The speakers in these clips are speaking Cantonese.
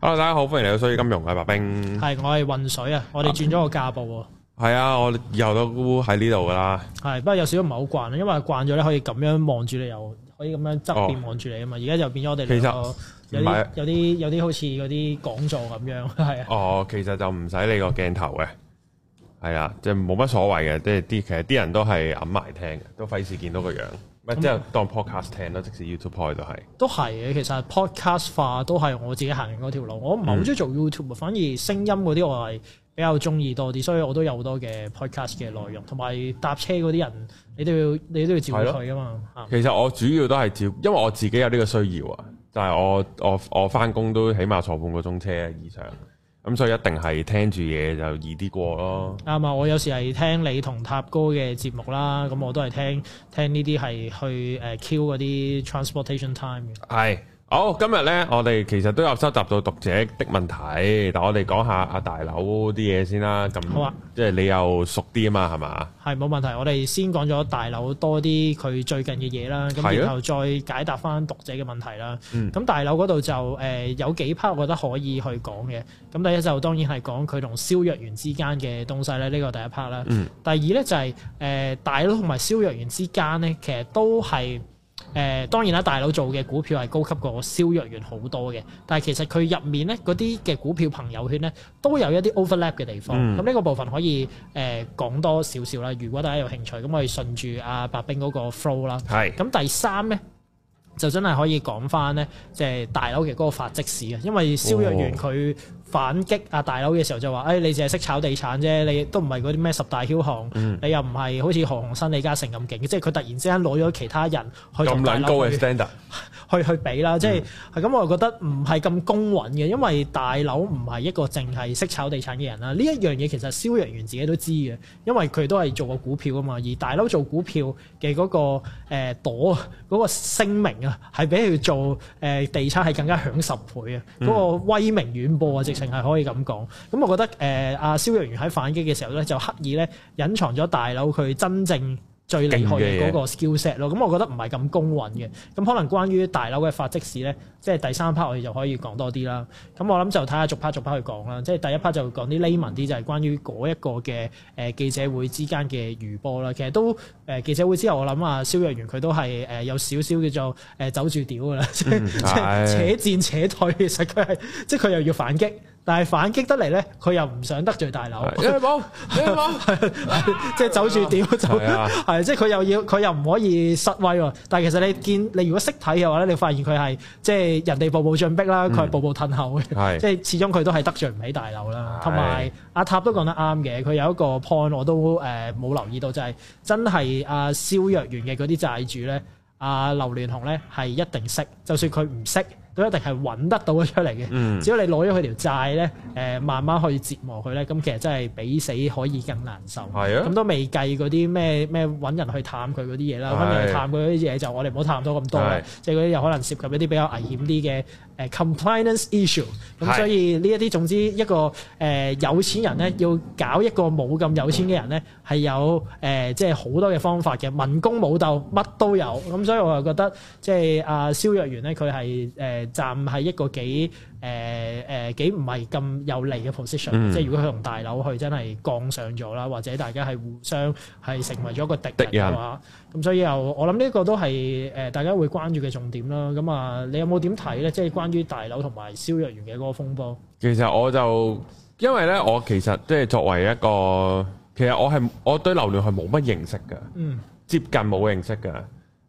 Hello 大家好，歡迎嚟到《水與金融》，我我啊，白兵。係，我係渾水啊，我哋轉咗個架步。係啊，我以後都喺呢度噶啦。係，不過有少少唔係好慣啦，因為慣咗咧可以咁樣望住你，又可以咁樣側面望住你啊嘛。而家、哦、就變咗我哋兩個有啲有啲有啲好似嗰啲講座咁樣，係、啊。哦，其實就唔使理個鏡頭嘅，係啦、啊，即係冇乜所謂嘅，即係啲其實啲人都係揞埋聽嘅，都費事見到個樣。即係當 podcast 聽啦，即使 YouTube 都係，都係嘅。其實 podcast 化都係我自己行緊嗰條路。我唔係好中意做 YouTube，反而聲音嗰啲我係比較中意多啲，所以我都有好多嘅 podcast 嘅內容。同埋搭車嗰啲人，你都要你都要照佢噶嘛。的的其實我主要都係照，因為我自己有呢個需要啊。但係我我我翻工都起碼坐半個鐘車以上。咁、嗯、所以一定係聽住嘢就易啲過咯。啱啊！我有時係聽你同塔哥嘅節目啦，咁、嗯、我都係聽聽呢啲係去誒、uh, kill 嗰啲 transportation time 嘅、哎。係。好，oh, 今日咧，我哋其實都有收集到讀者嘅問題，但我哋講下阿大劉啲嘢先啦。咁，好、啊、即係你又熟啲啊嘛，係嘛？係冇問題。我哋先講咗大劉多啲佢最近嘅嘢啦，咁、啊、然後再解答返讀者嘅問題啦。咁、嗯、大劉嗰度就誒、呃、有幾 part 我覺得可以去講嘅。咁第一就當然係講佢同蕭若元之間嘅東西咧，呢、這個第一 part 啦。嗯、第二咧就係、是、誒、呃、大劉同埋蕭若元之間咧，其實都係。誒、呃、當然啦，大佬做嘅股票係高級過消弱員好多嘅，但係其實佢入面咧嗰啲嘅股票朋友圈咧都有一啲 overlap 嘅地方，咁呢、嗯、個部分可以誒、呃、講多少少啦。如果大家有興趣，咁我哋順住阿、啊、白兵嗰個 flow 啦是，係咁第三咧就真係可以講翻咧，即、就、係、是、大佬嘅嗰個發跡史嘅，因為蕭若元佢。反擊阿大劉嘅時候就話，誒、哎，你淨係識炒地產啫，你都唔係嗰啲咩十大梟雄，嗯、你又唔係好似何鴻燊、李嘉誠咁勁，即係佢突然之間攞咗其他人去同大劉去去，去比啦，即係咁、嗯，我覺得唔係咁公允嘅，因為大劉唔係一個淨係識炒地產嘅人啦。呢一樣嘢其實蕭若元自己都知嘅，因為佢都係做過股票啊嘛。而大劉做股票嘅嗰、那個誒朵嗰個聲名啊，係比佢做誒地產係更加響十倍啊，嗰個威名遠播啊直。嗯淨係可以咁講，咁我覺得誒，阿蕭若元喺反擊嘅時候咧，就刻意咧隱藏咗大劉佢真正最厲害嘅嗰個 skillset 咯，咁我覺得唔係咁公允嘅，咁可能關於大劉嘅發跡史咧。即係第三 part 我哋就可以講多啲啦。咁我諗就睇下逐 part 逐 part 去講啦。即係第一 part 就講啲 layman 啲，就係關於嗰一個嘅誒記者會之間嘅餘波啦。其實都誒記者會之後，我諗啊肖若元佢都係誒有少少叫做誒走住屌㗎啦，即係且戰且退。其實佢係即係佢又要反擊，但係反擊得嚟咧，佢又唔想得罪大劉。你冇你冇，即係走住屌走，係即係佢又要佢又唔可以失威喎。但係其實你見你如果識睇嘅話咧，你發現佢係即係。人哋步步進逼啦，佢步步退後嘅，即係、嗯、始終佢都係得罪唔起大劉啦。同埋是阿塔都講得啱嘅，佢有一個 point 我都誒冇、呃、留意到，就係、是、真係阿、啊、蕭若元嘅嗰啲債主咧，阿、啊、劉鑾雄咧係一定識，就算佢唔識，都一定係揾得到佢出嚟嘅。嗯、只要你攞咗佢條債咧，誒、呃、慢慢去折磨佢咧，咁其實真係比死可以更難受。係啊的，咁都未計嗰啲咩咩揾人去探佢嗰啲嘢啦。揾人去的探佢嗰啲嘢就我哋唔好探多咁多啦。的即係嗰啲有可能涉及一啲比較危險啲嘅。誒 compliance issue，咁所以呢一啲，總之一個誒，有錢人咧要搞一個冇咁有錢嘅人咧，係有誒，即係好多嘅方法嘅，文攻武鬥乜都有，咁所以我又覺得即係阿蕭若元咧，佢係誒，站喺一個幾。誒誒、呃、幾唔係咁有利嘅 position，嗯、即係如果佢同大劉去真係槓上咗啦，或者大家係互相係成為咗個敵人嘅話，咁人所以又我諗呢個都係誒、呃、大家會關注嘅重點啦。咁啊，你有冇點睇咧？即係關於大劉同埋蕭若元嘅嗰個風波。其實我就因為咧，我其實即係作為一個，其實我係我對劉鑾係冇乜認識嘅，嗯、接近冇認識嘅。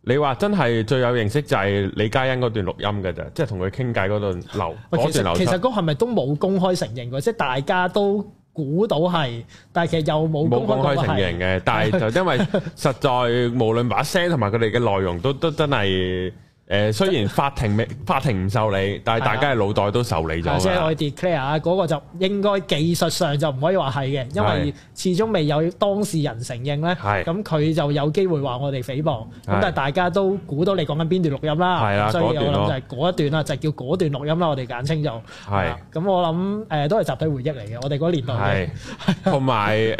你話真係最有認識就係李嘉欣嗰段錄音㗎咋，即係同佢傾偈嗰段流攞住流出。其實嗰係咪都冇公開承認㗎？即係大家都估到係，但係其實又冇公開承認嘅。但係就因為實在無論把聲同埋佢哋嘅內容都都真係。誒雖然法庭未 法庭唔受理，但係大家嘅腦袋都受理咗。即係、就是、我 declare 啊，嗰個就應該技術上就唔可以話係嘅，因為始終未有當事人承認咧。係咁佢就有機會話我哋誹謗。咁的，但係大家都估到你講緊邊段錄音啦。係啊的，所以我諗就係嗰一段啦，啊、就叫嗰段錄音啦，我哋簡稱就係。咁的、啊、我諗誒、呃、都係集體回憶嚟嘅，我哋嗰年代嘅。同埋誒，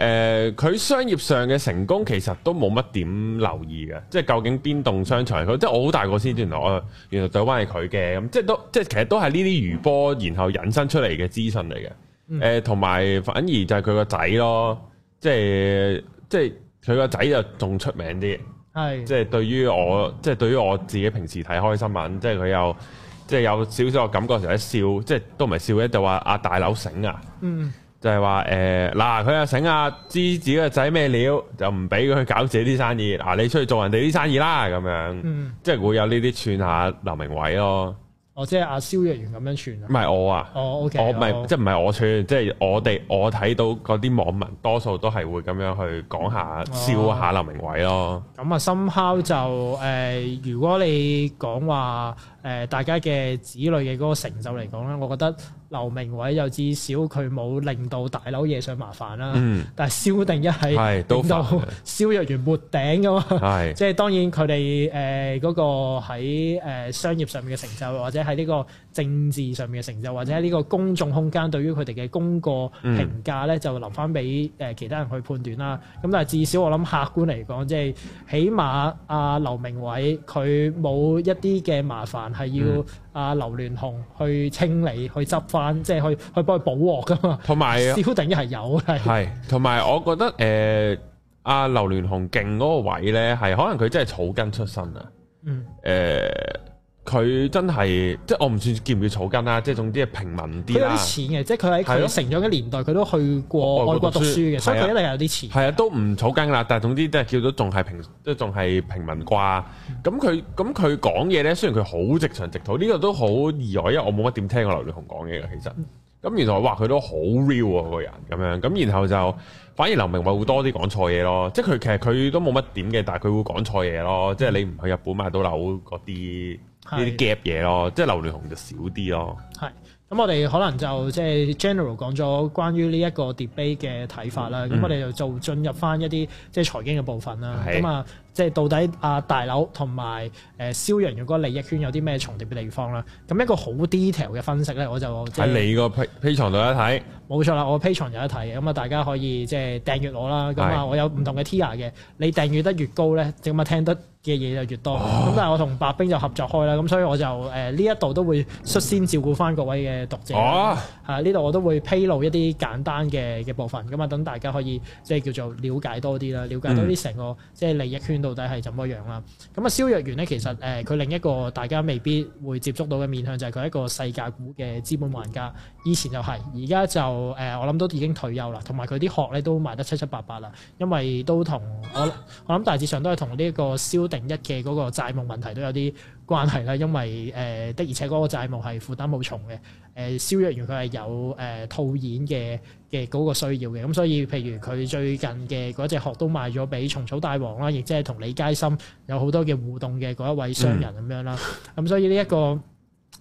佢、 呃、商業上嘅成功其實都冇乜點留意嘅，即係究竟邊棟商場？佢即係我好大個先知哦，原來對方係佢嘅，咁即係都即係其實都係呢啲餘波，然後引申出嚟嘅資訊嚟嘅。誒、嗯，同埋反而就係佢個仔咯，即係即係佢個仔就仲出名啲，係即係對於我，即係對於我自己平時睇開新聞，即係佢又即係有少少個感覺嘅時候，一笑，即係都唔係笑嘅，就話阿大劉醒啊。嗯就係話誒嗱，佢又醒啊，知自己個仔咩料，就唔俾佢去搞自己啲生意。嗱、啊，你出去做人哋啲生意啦，咁樣，嗯、即係會有呢啲串下劉明偉咯。哦，即係阿、啊、蕭若元咁樣串。唔係我啊，哦、okay, 我唔係即係唔係我串，即、就、係、是、我哋我睇到嗰啲網民多數都係會咁樣去講,講笑下笑下劉明偉咯。咁啊、哦，深、嗯、烤就誒、呃，如果你講話。誒、呃、大家嘅子女嘅個成就嚟講咧，我覺得劉明偉又至少佢冇令到大劉惹上麻煩啦、啊。嗯。但係蕭定一係令到蕭若元沒頂咁嘛，係即係當然佢哋誒個個喺誒商業上面嘅成就，或者喺呢個政治上面嘅成就，或者喺呢個公眾空間對於佢哋嘅功過評價咧，就留翻俾誒其他人去判斷啦。咁、嗯、但係至少我諗客觀嚟講即係起碼阿劉明偉佢冇一啲嘅麻煩。係要阿劉鑾雄去清理、去執翻，即係去去幫佢補鑊噶嘛。同埋似乎定一係有係。係同埋，是 我覺得誒，阿劉鑾雄勁嗰個位咧，係可能佢真係草根出身啊。嗯、呃。誒。佢真係即係我唔算叫唔叫草根啦，即係總之係平民啲有啲錢嘅，即係佢喺佢成長嘅年代，佢是都去過外國讀書嘅，書啊、所以佢一定有啲錢。係啊，都唔草根啦，但係總之都係叫做仲係平，都仲係平民啩。咁佢咁佢講嘢咧，雖然佢好直腸直肚，呢、這個都好意外，因為我冇乜點聽過劉鑾雄講嘢嘅其實。咁、嗯、原來哇，佢都好 real 啊個人咁樣。咁然後就反而劉鳴煒會多啲講錯嘢咯，即係佢其實佢都冇乜點嘅，但係佢會講錯嘢咯。即係你唔去日本買到樓嗰啲。嗯啲 gap 嘢咯，即係劉鑾雄就少啲咯。係，咁我哋可能就即係、就是、general 講咗關於呢一個 debate 嘅睇法啦。咁、嗯、我哋就就進入翻一啲即係財經嘅部分啦。咁啊是。嗯即係到底阿大劉同埋誒燒山嘅嗰個利益圈有啲咩重疊嘅地方咧？咁一個好 detail 嘅分析咧，我就喺你個 Patreon 度有得睇。冇錯啦，我 Patreon 有得睇嘅，咁啊大家可以即係訂閱我啦。咁啊是，我有唔同嘅 tier 嘅，你訂閱得越高咧，咁啊聽得嘅嘢就越多。咁、哦、但係我同白兵就合作開啦，咁所以我就誒呢一度都會率先照顧翻各位嘅讀者。啊、哦，呢度我都會披露一啲簡單嘅嘅部分，咁啊等大家可以即係叫做了解多啲啦，了解多啲成個即係利益圈到底係怎麼樣啦？咁、嗯、啊，蕭若元咧，其實誒，佢、呃、另一個大家未必會接觸到嘅面向就係、是、佢一個細價股嘅資本玩家，以前就係、是，而家就誒、呃，我諗都已經退休啦。同埋佢啲殼咧都賣得七七八八啦，因為都同我我諗大致上都係同呢個蕭定一嘅嗰個債務問題都有啲關係啦。因為誒、呃、的，而且嗰個債務係負擔好重嘅。誒蕭若元佢係有誒套、呃、現嘅嘅嗰個需要嘅，咁所以譬如佢最近嘅嗰隻殼都賣咗俾蟲草大王啦，亦即係同李佳芯有好多嘅互動嘅嗰一位商人咁、嗯、樣啦，咁所以呢、這、一個。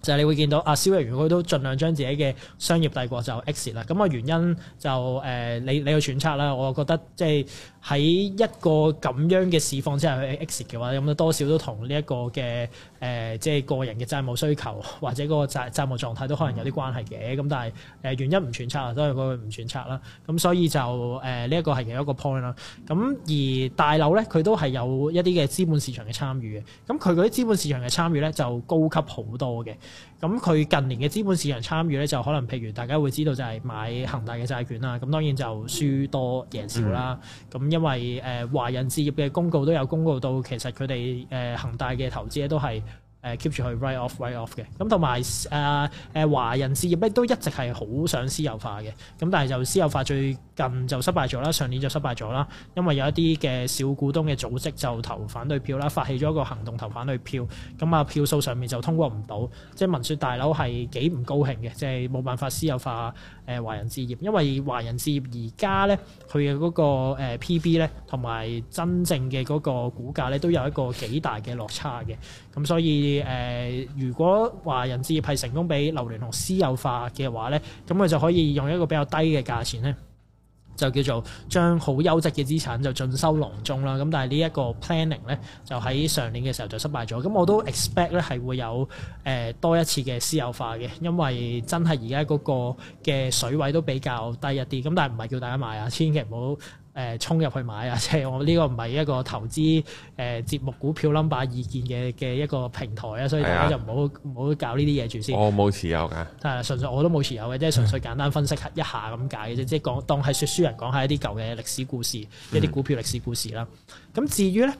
就係你會見到啊，蕭若元佢都盡量將自己嘅商業帝國就 exit 啦。咁啊原因就誒、呃，你你去揣測啦。我覺得即係喺一個咁樣嘅市況之下去 exit 嘅話，咁冇多少都同呢一個嘅誒、呃，即係個人嘅債務需求或者嗰個債債務狀態都可能有啲關係嘅。咁但係誒原因唔揣測啊，所以佢唔揣測啦。咁所以就誒呢一個係有一個 point 啦。咁而大劉咧，佢都係有一啲嘅資本市場嘅參與嘅。咁佢嗰啲資本市場嘅參與咧，就高級好多嘅。咁佢近年嘅資本市場參與咧，就可能譬如大家會知道就係買恒大嘅債券啦。咁當然就輸多贏少啦。咁因為誒、呃、華人置業嘅公告都有公告到，其實佢哋誒恒大嘅投資咧都係誒 keep 住去 write off write off 嘅。咁同埋啊誒華人置業咧都一直係好想私有化嘅。咁但係就私有化最近就失敗咗啦，上年就失敗咗啦，因為有一啲嘅小股東嘅組織就投反對票啦，發起咗一個行動投反對票，咁啊票數上面就通過唔到，即係聞說大佬係幾唔高興嘅，即係冇辦法私有化誒華、呃、人置業，因為華人置業而家呢，佢嘅嗰個 P/B 呢，同埋真正嘅嗰個股價呢，都有一個幾大嘅落差嘅。咁所以誒、呃，如果華人置業係成功俾劉鑾雄私有化嘅話呢，咁佢就可以用一個比較低嘅價錢呢。就叫做將好優質嘅資產就盡收囊中啦，咁但係呢一個 planning 咧就喺上年嘅時候就失敗咗，咁我都 expect 咧係會有誒、呃、多一次嘅私有化嘅，因為真係而家嗰個嘅水位都比較低一啲，咁但係唔係叫大家買啊，千祈唔好，誒、呃、衝入去買啊！即係我呢、這個唔係一個投資誒節目股票 number 意見嘅嘅一個平台啊，所以大家就唔好唔好搞呢啲嘢住先。我冇、哦、持有㗎，係純粹我都冇持有嘅，即係純粹簡單分析一下咁解嘅啫，即係講當係説書人講下一啲舊嘅歷史故事，一啲股票歷史故事啦。咁、嗯、至於咧。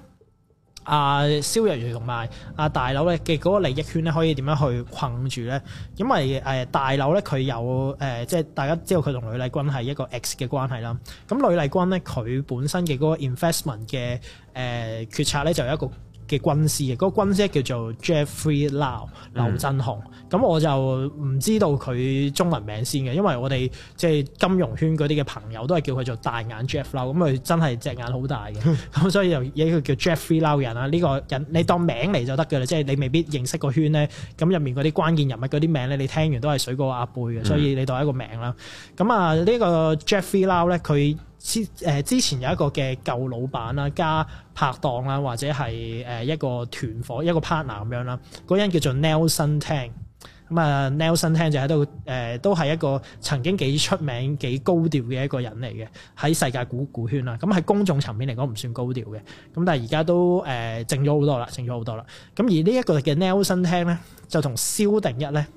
啊，肖逸如同埋阿大劉咧嘅嗰個利益圈咧，可以點樣去困住咧？因為誒、呃，大劉咧，佢有誒，即、呃、係大家知道佢同呂麗君係一個 X 嘅關係啦。咁呂麗君咧，佢本身嘅嗰個 investment 嘅誒、呃、決策咧，就有一個。嘅軍師，嗰、那個軍師叫做 Jeffrey Lau、嗯、劉振雄，咁我就唔知道佢中文名先嘅，因為我哋即係金融圈嗰啲嘅朋友都係叫佢做大眼 Jeff Lau 咁佢真係隻眼好大嘅，咁、嗯、所以就以佢叫，叫 Jeffrey Lau 人啦。呢、這個人你當名嚟就得嘅啦，即、就、係、是、你未必認識個圈咧，咁入面嗰啲關鍵人物嗰啲名咧，你聽完都係水過鴨背嘅，所以你當一個名啦。咁啊、嗯，呢個 Jeffrey Lau 咧，佢之誒之前有一個嘅舊老闆啦，加。拍檔啦，或者係誒一個團伙一個 partner 咁樣啦，嗰人叫做 Nelson Tang，咁啊 Nelson Tang 就喺度誒，都係一個曾經幾出名、幾高調嘅一個人嚟嘅，喺世界古股圈啦。咁喺公眾層面嚟講唔算高調嘅，咁但係、呃、而家都誒靜咗好多啦，靜咗好多啦。咁而呢一個嘅 Nelson Tang 咧，就同蕭定一咧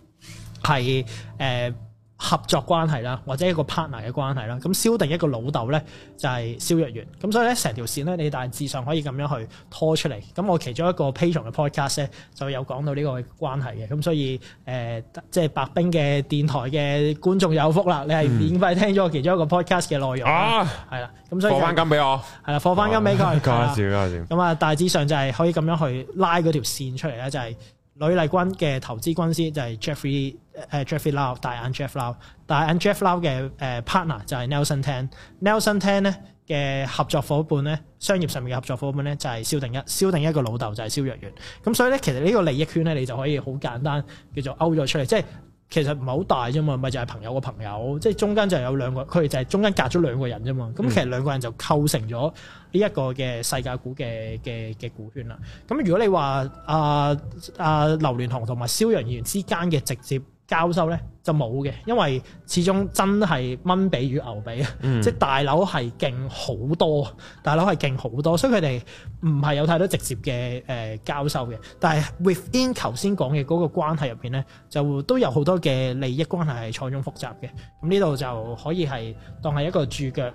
係誒，合作關係啦，或者一個 partner 嘅關係啦，咁蕭定一個老豆咧，就係、是、蕭若元。咁所以咧，成條線咧，你大致上可以咁樣去拖出嚟。咁我其中一個 Patreon 嘅 podcast 咧，就有講到呢個關係嘅。咁所以誒，即、呃、係、就是、白兵嘅電台嘅觀眾有福啦，你係免費聽咗我其中一個 podcast 嘅內容。啊，係啦。咁所以放翻金俾我。係啦，放翻金俾佢。搞笑，搞笑。咁啊，大致上就係可以咁樣去拉嗰條線出嚟咧，就係、是。呂麗君嘅投資軍師就係 Jeffrey、誒 Jeffrey Lau 大眼 Jeff Lau。大眼 Jeff Lau 嘅誒 partner 就係 Nelson Tan，Nelson Tan 咧嘅合作伙伴咧，商業上面嘅合作夥伴咧就係蕭定一，蕭定一個老豆就係蕭若元，咁所以咧，其實呢個利益圈咧，你就可以好簡單叫做勾咗出嚟，即係。其實唔係好大啫嘛，咪就係、是、朋友嘅朋友，即係中間就有兩個，佢哋就係中間隔咗兩個人啫嘛。咁、嗯、其實兩個人就構成咗呢一個嘅世界股嘅嘅嘅股圈啦。咁如果你話啊啊劉鑾雄同埋蕭若元之間嘅直接。交收呢就冇嘅，因為始終真係蚊髀與牛髀，嗯、即係大劉係勁好多，大劉係勁好多，所以佢哋唔係有太多直接嘅誒、呃、交收嘅。但係 within 頭先講嘅嗰個關係入邊呢，就都有好多嘅利益關係係錯綜複雜嘅。咁呢度就可以係當係一個註腳。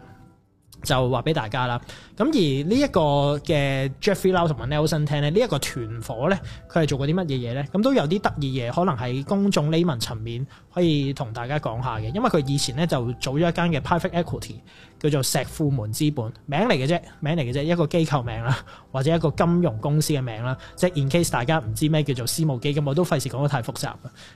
就話俾大家啦，咁而呢一個嘅 Jeffrey Lau 同埋 Nelson Tan 咧，呢、這、一個團伙咧，佢係做過啲乜嘢嘢咧？咁都有啲得意嘢，可能喺公眾呢層面。可以同大家講下嘅，因為佢以前咧就做咗一間嘅 private equity，叫做石庫門資本，名嚟嘅啫，名嚟嘅啫，一個機構名啦，或者一個金融公司嘅名啦。即係 in case 大家唔知咩叫做私募基金，我都費事講得太複雜。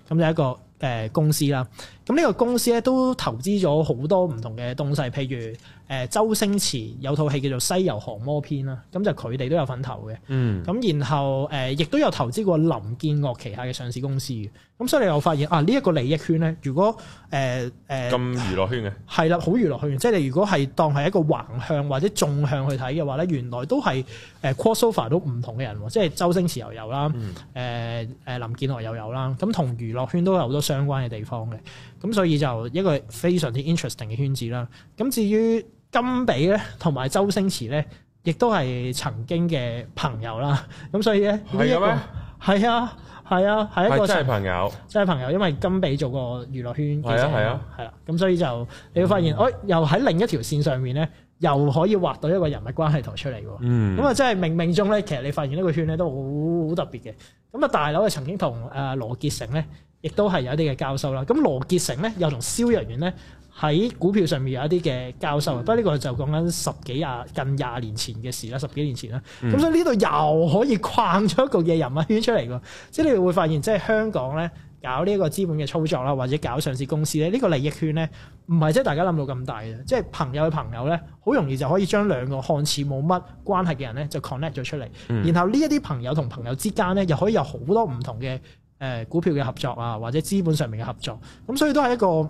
咁就一個誒、呃、公司啦。咁呢個公司咧都投資咗好多唔同嘅東西，譬如誒、呃、周星馳有套戲叫做西《西遊降魔篇》啦，咁就佢哋都有份投嘅。嗯。咁然後誒、呃、亦都有投資過林建岳旗下嘅上市公司嘅。咁所以你又發現啊呢一、這個利益圈如果誒誒，咁、呃呃、娛樂圈嘅係啦，好娛樂圈，即係你如果係當係一個橫向或者縱向去睇嘅話咧，原來都係誒 cross over 都唔同嘅人，即係周星馳又有啦，誒誒、嗯呃、林建岳又有啦，咁同娛樂圈都有好多相關嘅地方嘅，咁所以就一個非常之 interesting 嘅圈子啦。咁至於金比咧，同埋周星馳咧，亦都係曾經嘅朋友啦。咁所以咧，係咩？係啊。係啊，係一個真係朋友，真係朋友，因為金比做過娛樂圈，係啊係啊，係啦、啊，咁、啊、所以就你會發現，哎、嗯，又喺另一條線上面咧，又可以畫到一個人物關係圖出嚟喎。咁啊、嗯，即係冥冥中咧，其實你發現呢個圈咧都好好特別嘅。咁啊，大劉啊曾經同誒羅傑成咧，亦都係有啲嘅交收啦。咁羅傑成咧又同蕭若元咧。喺股票上面有一啲嘅交收，啊、嗯，不過呢個就講緊十幾廿近廿年前嘅事啦，十幾年前啦。咁、嗯、所以呢度又可以框咗一個嘅人物圈出嚟㗎，即係、嗯、你會發現，即、就、係、是、香港咧搞呢一個資本嘅操作啦，或者搞上市公司咧，呢、這個利益圈咧唔係即係大家諗到咁大嘅，即、就、係、是、朋友嘅朋友咧，好容易就可以將兩個看似冇乜關係嘅人咧就 connect 咗出嚟。嗯、然後呢一啲朋友同朋友之間咧，又可以有好多唔同嘅誒、呃、股票嘅合作啊，或者資本上面嘅合作。咁所以都係一個。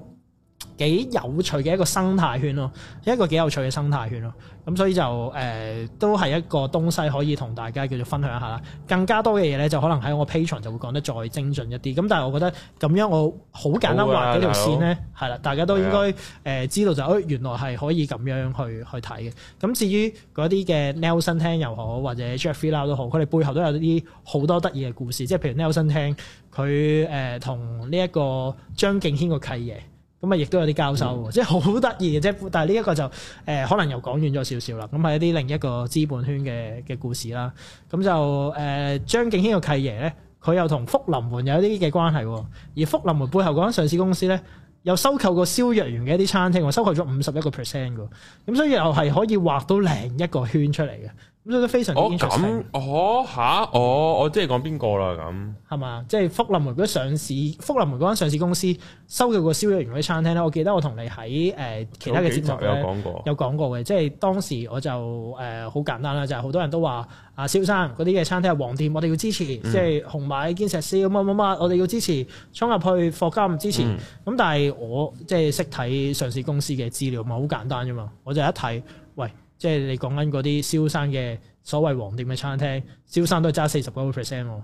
幾有趣嘅一個生態圈咯，一個幾有趣嘅生態圈咯。咁所以就誒、呃、都係一個東西可以同大家叫做分享一下啦。更加多嘅嘢咧，就可能喺我 Patreon 就會講得再精準一啲。咁但係我覺得咁樣我好簡單畫幾條線咧，係啦的，大家都應該誒的、呃、知道就誒原來係可以咁樣去去睇嘅。咁至於嗰啲嘅 Nelson 聽又好，或者 Jeffrey Lau 都好，佢哋背後都有啲好多得意嘅故事。即係譬如 Nelson 聽佢誒、呃、同呢一個張敬軒個契爺。咁啊，亦都有啲交收，即係好得意嘅啫。但係呢一個就誒、呃，可能又講遠咗少少啦。咁係一啲另一個資本圈嘅嘅故事啦。咁就誒、呃，張敬軒個契爺呢，佢又同福臨門有一啲嘅關係。而福臨門背後嗰間上市公司呢，又收購過蕭若元嘅一啲餐廳喎，收購咗五十一個 percent 嘅。咁所以又係可以畫到另一個圈出嚟嘅。咁都非常。我咁、哦，哦吓，哦，我即係講邊個啦咁。係嘛，即係、就是、福臨門嗰上市，福臨門嗰間上市公司收購過蕭若元嗰啲餐廳咧。我記得我同你喺誒、呃、其他嘅節目有講過，有講過嘅。即、就、係、是、當時我就誒好、呃、簡單啦，就係、是、好多人都話啊蕭生嗰啲嘅餐廳係黃店，我哋要支持，即係、嗯、紅米、堅石、蕭乜乜乜，我哋要支持，衝入去課金支持。咁、嗯、但係我即係識睇上市公司嘅資料，咪好簡單啫嘛。我就一睇，喂。即係你講緊嗰啲蕭生嘅所謂黃店嘅餐廳，蕭生都係揸四十九個 percent 喎，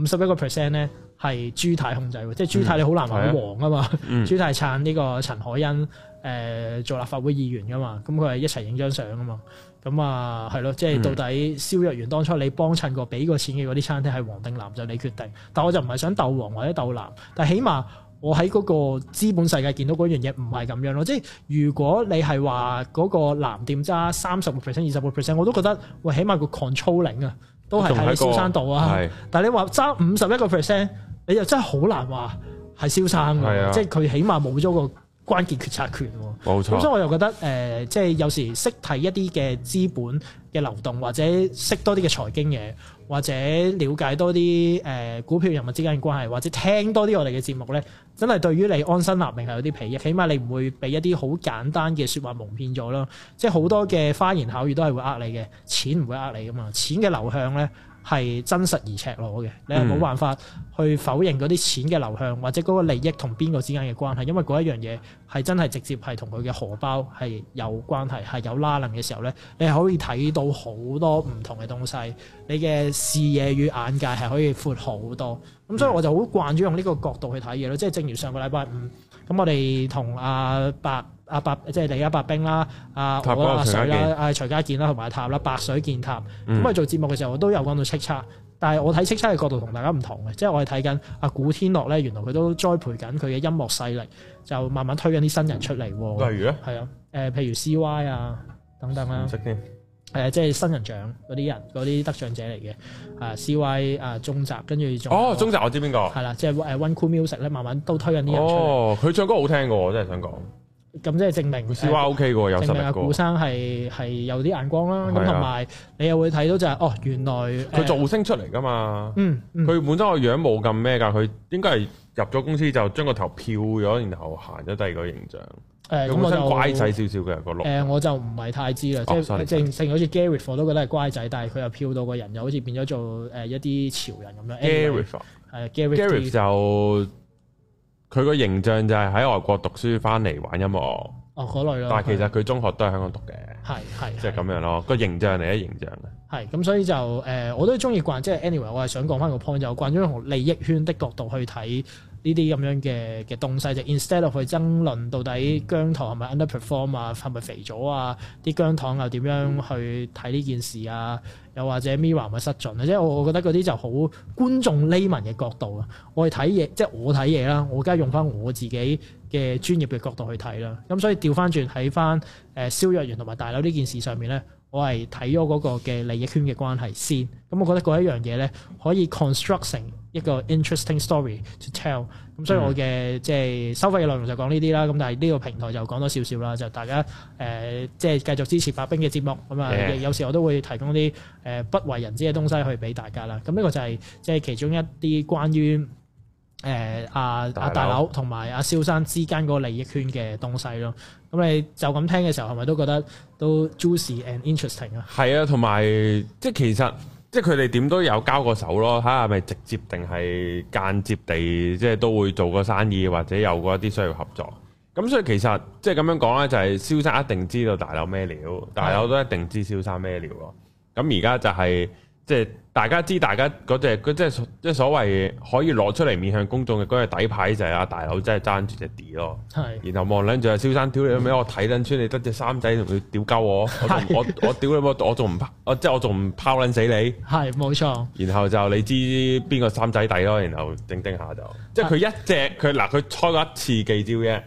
五十一個 percent 咧係朱太控制喎，嗯、即係朱太你好難話係黃啊嘛，嗯、朱太撐呢個陳可欣誒、呃、做立法會議員噶嘛，咁佢係一齊影張相啊嘛，咁啊係咯，即係到底蕭若元當初你幫襯過俾過錢嘅嗰啲餐廳係黃定藍就你決定，但我就唔係想鬥黃或者鬥藍，但起碼。我喺嗰個資本世界見到嗰樣嘢唔係咁樣咯，即係如果你係話嗰個藍店揸三十個 percent、二十個 percent，我都覺得喂，起碼個 controlling 啊，都係喺燒山度啊。但係你話揸五十一個 percent，你又真係好難話係燒山㗎，的即係佢起碼冇咗個。關鍵決策權，冇錯。咁所以我又覺得，誒、呃，即係有時識睇一啲嘅資本嘅流動，或者識多啲嘅財經嘢，或者了解多啲誒、呃、股票人物之間嘅關係，或者聽多啲我哋嘅節目咧，真係對於你安身立命係有啲裨益。起碼你唔會俾一啲好簡單嘅説話蒙騙咗咯。即係好多嘅花言巧語都係會呃你嘅，錢唔會呃你噶嘛，錢嘅流向咧。係真實而赤裸嘅，你係冇辦法去否認嗰啲錢嘅流向，或者嗰個利益同邊個之間嘅關係，因為嗰一樣嘢係真係直接係同佢嘅荷包係有關係，係有拉力嘅時候咧，你係可以睇到好多唔同嘅東西，你嘅視野與眼界係可以闊好多。咁所以我就好慣咗用呢個角度去睇嘢咯，即係正如上個禮拜五，咁我哋同阿白。阿白即係李家白兵啦，阿阿徐家健啦，同埋塔啦，白水健塔。咁啊、嗯、做節目嘅時候，我都有講到叱咤，但係我睇叱咤嘅角度同大家唔同嘅，即係我係睇緊阿古天樂咧，原來佢都栽培緊佢嘅音樂勢力，就慢慢推緊啲新人出嚟。例如咧，係啊，誒、呃、譬如 C Y 啊等等啦，啊，誒即係新人獎嗰啲人嗰啲得獎者嚟嘅，誒、啊、C Y 啊鍾澤跟住哦鍾澤我知邊個，係啦，即係誒 One Cool Music 咧，慢慢都推緊啲人出嚟。哦，佢唱歌好聽嘅喎，我真係想講。咁即係證明，OK 證明阿顧生係係有啲眼光啦。咁同埋你又會睇到就係哦，原來佢造星出嚟㗎嘛。嗯，佢本身個樣冇咁咩，但佢應該係入咗公司就將個頭漂咗，然後行咗第二個形象。誒，本身乖仔少少嘅個 look。誒，我就唔係太知啦。即係正正好似 Gary Ford 都覺得係乖仔，但係佢又漂到個人又好似變咗做誒一啲潮人咁樣。Gary Ford 係 Gary Ford 就。佢個形象就係喺外國讀書翻嚟玩音樂，哦嗰類咯。但係其實佢中學都係香港讀嘅，係係，即係咁樣咯。是是個形象嚟嘅形象嘅，係咁所以就誒、呃，我都中意慣，即、就、係、是、anyway，我係想講翻個 point 就慣咗從利益圈的角度去睇。呢啲咁樣嘅嘅東西就，instead of 去爭論到底姜糖係咪 underperform 啊、嗯，係咪肥咗啊，啲姜糖又點樣去睇呢件事啊，嗯、又或者 Mirror 係咪失準啊，即係我覺得嗰啲就好觀眾 layman 嘅角度啊，我係睇嘢，即係我睇嘢啦，我梗係用翻我自己嘅專業嘅角度去睇啦，咁所以調翻轉睇翻誒蕭若元同埋大劉呢件事上面咧，我係睇咗嗰個嘅利益圈嘅關係先，咁我覺得嗰一樣嘢咧可以 constructing 一個 interesting story to tell，咁、嗯、所以我嘅即係收費嘅內容就講呢啲啦，咁但係呢個平台就講多少少啦，就大家誒即係繼續支持白兵嘅節目，咁、嗯、啊 Yeah. 有時我都會提供啲誒不為人知嘅東西去俾大家啦，咁呢個就係即係其中一啲關於誒阿阿大劉同埋阿燒山之間嗰個利益圈嘅東西咯。咁你就咁聽嘅時候係咪都覺得都 juicy and interesting 啊？係啊，同埋即係其實。即係佢哋點都有交過手咯，睇下係咪直接定係間接地，即係都會做過生意或者有過一啲需要合作。咁所以其實即係咁樣講咧，就係、是、燒山一定知道大劉咩料，大劉都一定知燒山咩料咯。咁而家就係、是。即係大家知，大家嗰隻，即係所，所謂可以攞出嚟面向公眾嘅嗰隻底牌就係阿大劉真係爭住隻碟咯，係是。然後望撚住阿燒山屌你咩，嗯、我睇撚穿你得隻三仔同佢屌鳩我，我我屌你我仲唔拋，即係我仲唔拋撚死你，係冇錯。然後就你知邊個三仔底咯，然後叮叮下就。即係佢一隻佢嗱佢猜過一次幾招啫。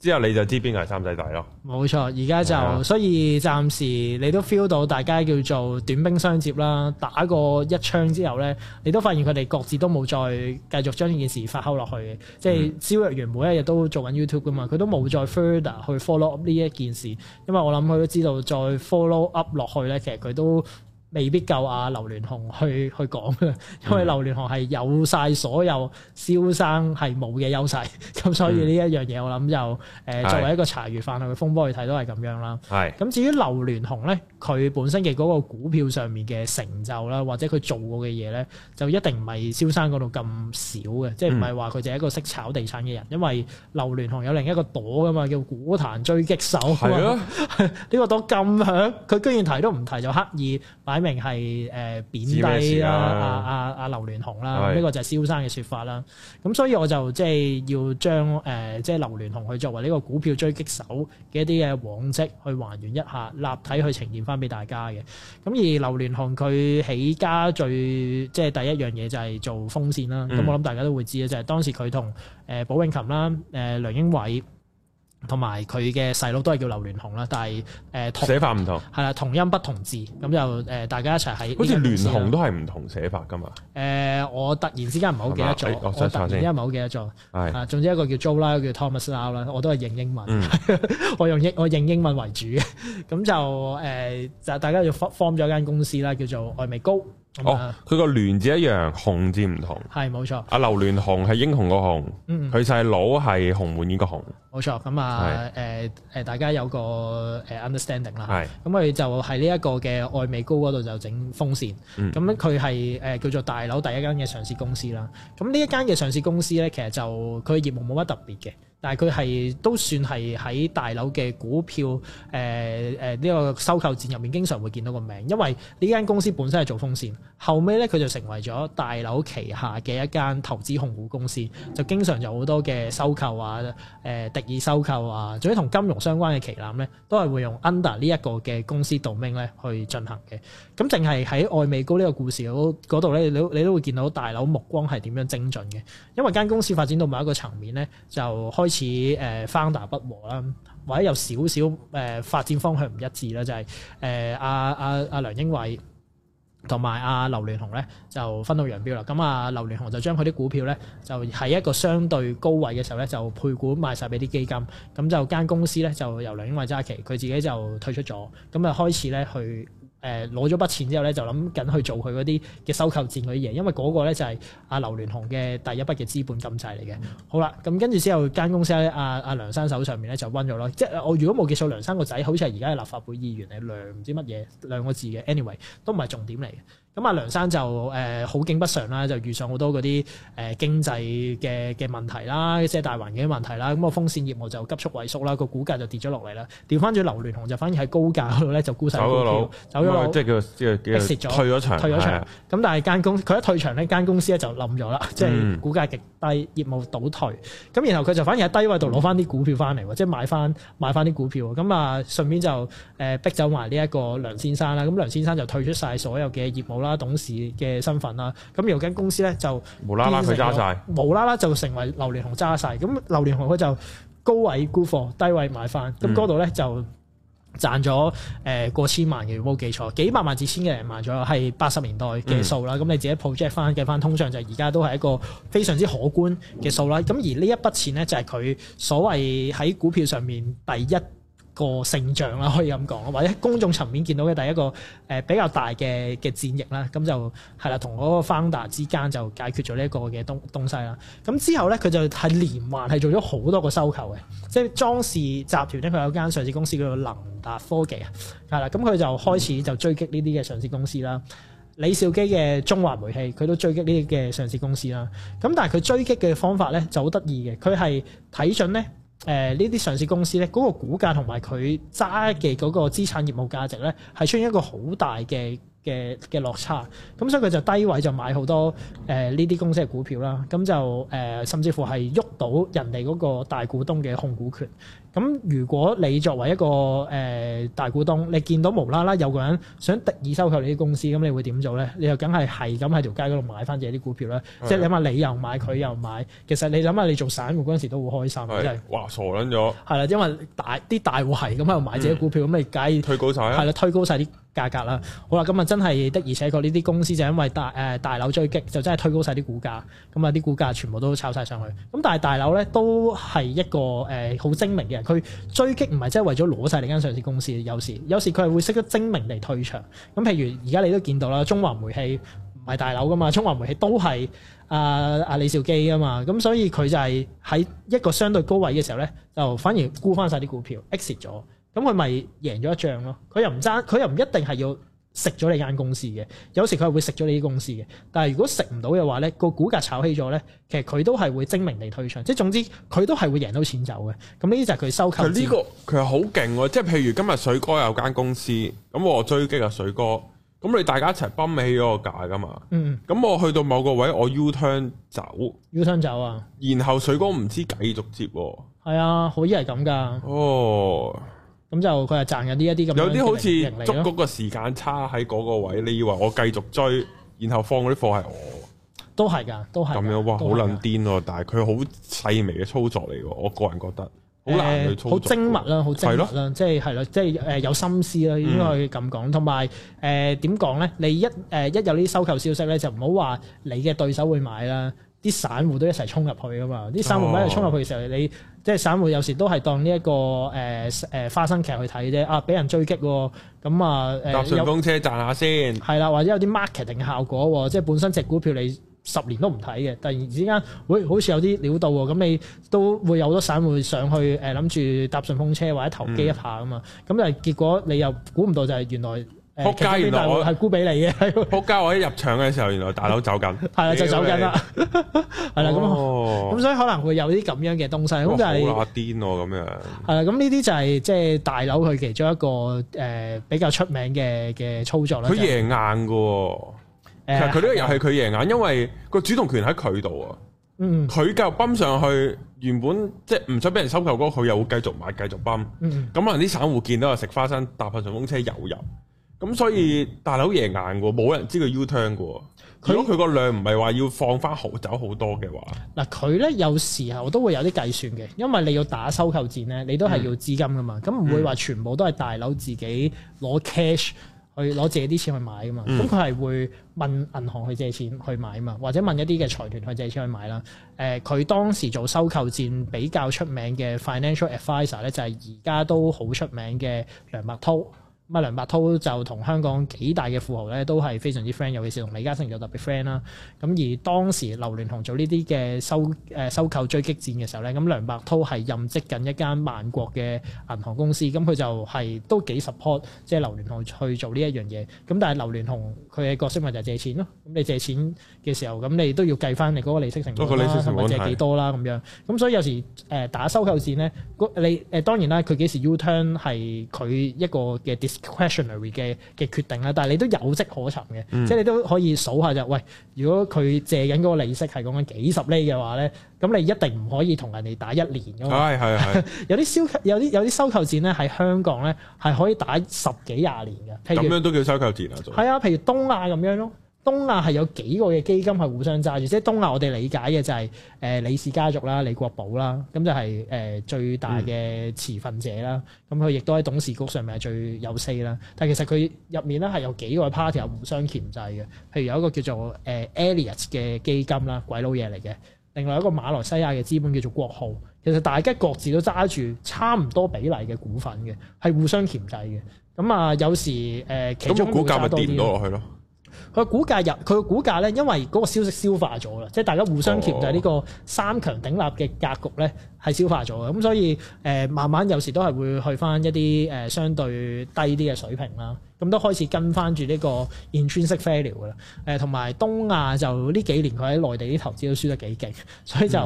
之後你就知邊個係三仔大咯？冇錯，而家就、啊、所以暫時你都 feel 到大家叫做短兵相接啦。打過一槍之後呢，你都發現佢哋各自都冇再繼續將呢件事發酵落去嘅。嗯、即係蕭若元每一日都做緊 YouTube 噶嘛，佢都冇再 further 去 follow up 呢一件事，因為我諗佢都知道再 follow up 落去呢，其實佢都。未必夠啊！劉鑾雄去去講，因為劉鑾雄係有晒所有蕭生係冇嘅優勢，咁、嗯、所以呢一樣嘢我諗就誒、嗯、作為一個茶餘飯後嘅風波去睇都係咁樣啦。係咁、嗯、至於劉鑾雄咧，佢本身嘅嗰個股票上面嘅成就啦，或者佢做過嘅嘢咧，就一定唔係蕭生嗰度咁少嘅，嗯、即係唔係話佢就係一個識炒地產嘅人，因為劉鑾雄有另一個朵噶嘛，叫股壇狙擊手。係、嗯、啊，呢 個朵咁響，佢居然提都唔提，就刻意明係誒貶低啦，阿阿阿劉鑾雄啦，呢是個就係蕭生嘅說法啦。咁所以我就即係要將誒即係劉鑾雄佢作為呢個股票狙擊手嘅一啲嘅往跡去還原一下，立體去呈現返俾大家嘅。咁而劉鑾雄佢起家最即係第一樣嘢就係做風扇啦。咁我諗大家都會知嘅、嗯、就係當時佢同誒寶永琴啦，誒、呃呃、梁英偉。同埋佢嘅細佬都係叫劉聯雄啦，但係誒、呃、寫法唔同，係啦，同音不同字，咁就誒、呃、大家一齊喺好似聯紅都係唔同寫法噶嘛？誒我突然之間唔係好記得咗，我突然之間唔係好記得咗，係、哎、啊，總之一個叫 Joe 啦，一個叫 Thomas 啦，我都係認英文，嗯、 我用英我認英文為主嘅，咁就誒、呃、就大家就 form form 咗間公司啦，叫做愛美高。嗯、哦，佢個鑾字一樣，紅字唔同。係冇錯，阿劉鑾雄係英雄個雄，嗯嗯，個雄，嗯，佢細佬係鴻門宴個鴻，冇錯。咁啊，誒誒，大家有個誒 understanding 啦，係。咁佢就喺呢一個嘅是愛美高嗰度就整風扇，咁佢係誒叫做大劉第一間嘅上市公司啦。咁呢一間嘅上市公司咧，其實就佢業務冇乜特別嘅。但係佢係都算係喺大劉嘅股票，誒誒呢個收購戰入面經常會見到個名，因為呢間公司本身係做風扇，後尾咧佢就成為咗大劉旗下嘅一間投資控股公司，就經常有好多嘅收購啊，誒敵意收購啊，仲有同金融相關嘅旗艦咧，都係會用 under 呢一個嘅公司 domain 咧去進行嘅。咁淨係喺愛美高呢個故事嗰度咧，你你都會見到大劉目光係點樣精準嘅，因為間公司發展到某一個層面咧，就開。似誒 founder 不和啦，或者有少少誒發展方向唔一致啦，就係誒阿阿阿梁英偉同埋阿劉鑾雄咧就分道揚鑣啦。咁啊，劉鑾雄就將佢啲股票咧就喺一個相對高位嘅時候咧就配股賣晒俾啲基金，咁就間公司咧就由梁英偉揸旗，佢自己就退出咗，咁啊開始咧去。誒攞咗筆錢之後咧，就諗緊去做佢嗰啲嘅收購戰嗰啲嘢，因為嗰個咧就係阿劉鑾雄嘅第一筆嘅資本金債嚟嘅。好啦，咁跟住之後間公司喺阿阿梁生手上面咧就溫咗咯。即係我如果冇記錯梁，梁生個仔好似係而家嘅立法會議員係梁唔知乜嘢兩個字嘅。anyway 都唔係重點嚟嘅。咁啊、嗯，梁生就誒、呃、好景不常啦，就遇上好多嗰啲誒經濟嘅嘅問題啦，即係大環境嘅問題啦。咁、嗯、啊風扇業務就急速萎縮啦，個股價就跌咗落嚟啦。掉翻轉劉鑾雄就反而喺高價度咧就沽晒股票，走咗咯。即係叫即係逼蝕咗，退咗場，的退咗場，咁但係間公佢一退場咧，間公司咧就冧咗啦，嗯、即係股價極低，業務倒退。咁然後佢就反而喺低位度攞翻啲股票翻嚟喎，即係買翻買翻啲股票。咁啊、嗯，順便就誒逼走埋呢一個梁先生啦。咁梁先生就退出晒所有嘅業務。啦董事嘅身份啦，咁而嗰間公司咧就無啦啦佢揸晒，無啦啦就成為劉鑾雄揸晒。咁劉鑾雄佢就高位沽貨，低位買翻。咁嗰度咧就賺咗誒過千萬嘅，如果冇記錯，幾百萬至千幾萬左右。係八十年代嘅數啦。咁、嗯、你自己 project 翻計翻通脹，就而家都係一個非常之可觀嘅數啦。咁而呢一筆錢咧就係佢所謂喺股票上面第一。個勝仗啦，可以咁講，或者公眾層面見到嘅第一個誒、呃、比較大嘅嘅戰役啦，咁就係啦，同嗰個 founder 之間就解決咗呢一個嘅東東西啦。咁之後咧，佢就係連環係做咗好多個收購嘅，即係莊士集團咧，佢有間上市公司叫做能達科技啊，係啦，咁佢就開始就追擊呢啲嘅上市公司啦。嗯、李兆基嘅中華煤氣，佢都追擊呢啲嘅上市公司啦。咁但係佢追擊嘅方法咧就好得意嘅，佢係睇準咧。誒呢啲上市公司呢，嗰個股價同埋佢揸嘅嗰個資產業務價值呢，係出現一個好大嘅嘅嘅落差，咁所以佢就低位就買好多誒呢啲公司嘅股票啦，咁就誒、呃、甚至乎係喐到人哋嗰個大股東嘅控股權。咁如果你作為一個誒、呃、大股東，你見到無啦啦有個人想敵意收購你啲公司，咁你會點做咧？你又梗係係咁喺條街嗰度買翻自己啲股票啦，即係你諗下，你又買，佢又買，其實你諗下你做散戶嗰陣時都好開心，真即係哇傻撚咗，係啦，因為大啲大戶係咁喺度買自己股票，咁、嗯、你梗係推高曬，係啦，推高晒啲。價格啦，好啦，咁啊真係，的而且確呢啲公司就因為大誒、呃、大劉追擊，就真係推高晒啲股價，咁啊啲股價全部都炒晒上去。咁但係大劉咧都係一個誒好、呃、精明嘅人，佢追擊唔係真係為咗攞晒你間上市公司，有時有時佢係會識得精明地退場。咁、嗯、譬如而家你都見到啦，中華煤氣唔係大劉噶嘛，中華煤氣都係阿阿李兆基啊嘛，咁、嗯、所以佢就係喺一個相對高位嘅時候咧，就反而沽翻晒啲股票，exit 咗。咁佢咪贏咗一仗咯？佢又唔爭，佢又唔一定係要食咗你間公司嘅。有時佢係會食咗你啲公司嘅。但係如果食唔到嘅話咧，個股價炒起咗咧，其實佢都係會精明地退場。即係總之，佢都係會贏到錢走嘅。咁呢啲就係佢嘅收購。呢、呢個佢係好勁喎！即係譬如今日水哥有間公司，咁我追擊阿水哥，咁你大家一齊崩起嗰個價噶嘛。嗯。咁我去到某個位，我 U turn 走。U turn 走啊！然後水哥唔知繼續接喎、啊。係啊，可以係咁噶。哦。咁就佢係賺緊呢一啲咁樣嘅盈利咯。有啲好似捉嗰個時間差喺嗰個位，你以為我繼續追，然後放嗰啲貨係我都，都係㗎，都係。咁樣哇，好撚癲咯！但係佢好細微嘅操作嚟喎，我個人覺得好難去操作，好、呃、精密啦、啊，好精密啦、啊，即係係咯，即係誒有心思啦、啊，應該咁講。同埋誒點講咧？你一誒、呃、一有啲收購消息咧，就唔好話你嘅對手會買啦，啲散戶都一齊衝入去㗎嘛。啲散戶一齊衝入去嘅時候，你、哦。即係散戶有時都係當呢、這、一個誒誒、呃呃、花生劇去睇啫，啊俾人追擊喎，咁啊、呃、搭順風車賺下先係啦，或者有啲 marketing 嘅效果喎，即係本身隻股票你十年都唔睇嘅，突然之間會好似有啲料到喎，咁你都會有好多散戶上去誒諗住搭順風車或者投機一下噶嘛，咁但係結果你又估唔到就係原來。仆街，原來我係估俾你嘅。仆街， 我一入場嘅時候，原來大佬走緊。係啊， 就走緊啦。係 啦對，咁咁、哦嗯、所以可能會有啲咁樣嘅東西。咁、哦、就係好癲喎，咁、啊、樣係啦。咁呢啲就係即係大佬佢其中一個誒、呃、比較出名嘅嘅操作啦。佢、就、贏、是、硬嘅，呃、其實佢呢個又係佢贏硬，因為個主動權喺佢度啊。嗯，佢繼續泵上去，原本即係唔想俾人收購嗰個，佢又會繼續買、繼續泵。嗯，咁可能啲散戶見到又食花生，搭份順風車又入。咁所以大劉贏硬喎，冇人知道佢 Uturn 嘅喎。他如果佢個量唔係話要放翻好走好多嘅話，嗱佢咧有時候我都會有啲計算嘅，因為你要打收購戰咧，你都係要資金噶嘛。咁唔、嗯、會話全部都係大劉自己攞 cash 去攞自己啲錢去買噶嘛。咁佢係會問銀行去借錢去買啊嘛，或者問一啲嘅財團去借錢去買啦。誒、呃，佢當時做收購戰比較出名嘅 financial advisor 咧，就係而家都好出名嘅梁伯韜。咁啊，梁伯韜就同香港幾大嘅富豪呢都係非常之 friend，尤其是同李嘉誠就特別 friend 啦。咁而當時劉鑾雄做呢啲嘅收、收購追擊戰嘅時候呢，咁梁伯韜係任職緊一間萬國嘅銀行公司，咁佢就係都幾 support，即係劉鑾雄去做呢一樣嘢。咁但係劉鑾雄佢嘅角色咪就係借錢囉。咁你借錢嘅時候，咁你都要計返你嗰個利息成本啦，或者借幾多啦咁樣。咁所以有時誒打收購戰呢，你誒當然啦，佢幾時 U turn，係佢一個嘅 discuss。Questionary 嘅嘅決定啦，但係你都有跡可尋嘅，嗯、即係你都可以數下就喂，如果佢借緊嗰個利息係講緊幾十厘嘅話咧，咁你一定唔可以同人哋打一年嘅嘛。係係、哎哎哎、 有啲收有啲有啲收購戰咧，喺香港咧係可以打十幾廿年嘅。譬如，咁樣都叫收購戰啊？係啊，譬如東亞咁樣咯。東亞係有幾個嘅基金係互相揸住，即係東亞我哋理解嘅就係誒李氏家族啦、李國寶啦，咁就係、是、誒、呃、最大嘅持份者啦。咁佢亦都喺董事局上面係最有勢啦。但係其實佢入面咧係有幾個 party 係互相鉗制嘅，譬如有一個叫做誒、呃、Elliott 嘅基金啦，鬼佬嘢嚟嘅。另外一個馬來西亞嘅資本叫做國浩，其實大家各自都揸住差唔多比例嘅股份嘅，係互相鉗制嘅。咁啊，有時誒，咁股價咪跌唔到落去咯。佢股價入佢個股價咧，因為嗰個消息消化咗啦，即係大家互相箝制呢個三強鼎立嘅格局咧，係消化咗嘅。咁所以誒，慢慢有時都係會去翻一啲誒相對低啲嘅水平啦。咁都開始跟翻住呢個 intrinsic value 噶啦。誒同埋東亞就呢幾年佢喺內地啲投資都輸得幾勁，所以就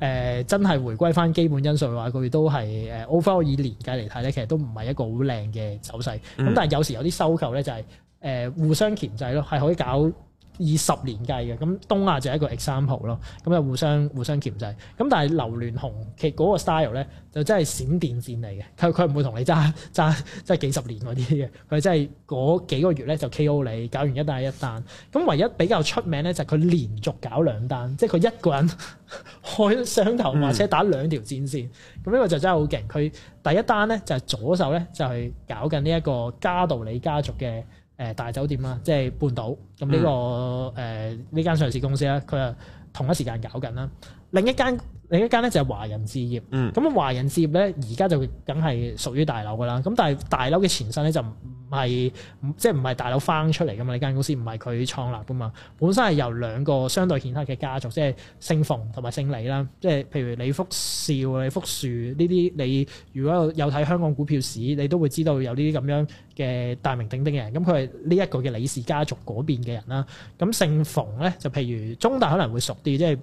誒真係回歸翻基本因素嘅話，佢都係誒 overall 以年計嚟睇咧，其實都唔係一個好靚嘅走勢。咁但係有時有啲收購咧就係、是。誒互相鉗制咯，係可以搞二十年計嘅。咁東亞就係一個 example 咯，咁就互相互相鉗制。咁但係劉鑾雄其嗰個 style 咧，就真係閃電戰嚟嘅。佢佢唔會同你爭爭即係幾十年嗰啲嘅。佢真係嗰幾個月咧就 K.O. 你搞完一單一單。咁唯一比較出名咧就係佢連續搞兩單，即係佢一個人開雙頭馬車打兩條戰線。咁呢、嗯、個就真係好勁。佢第一單咧就係左手咧就係搞緊呢一個加道理家族嘅。誒大酒店啦，即係半島，咁呢個誒呢間上市公司咧，佢啊同一時間搞緊啦。另一間另一間咧就係華人置業，咁啊、嗯、華仁置業華人置業咧而家就梗係屬於大樓噶啦。咁但係大樓嘅前身咧就唔係即係唔係大樓翻出嚟噶嘛？呢間公司唔係佢創立噶嘛，本身係由兩個相對顯赫嘅家族，即係姓馮同埋姓李啦。即係譬如李福兆、李福樹呢啲。你如果有睇香港股票史，你都會知道有呢啲咁樣嘅大名鼎鼎嘅人。咁佢係呢一個嘅李氏家族嗰邊嘅人啦。咁姓馮咧就譬如中大可能會熟啲，即係。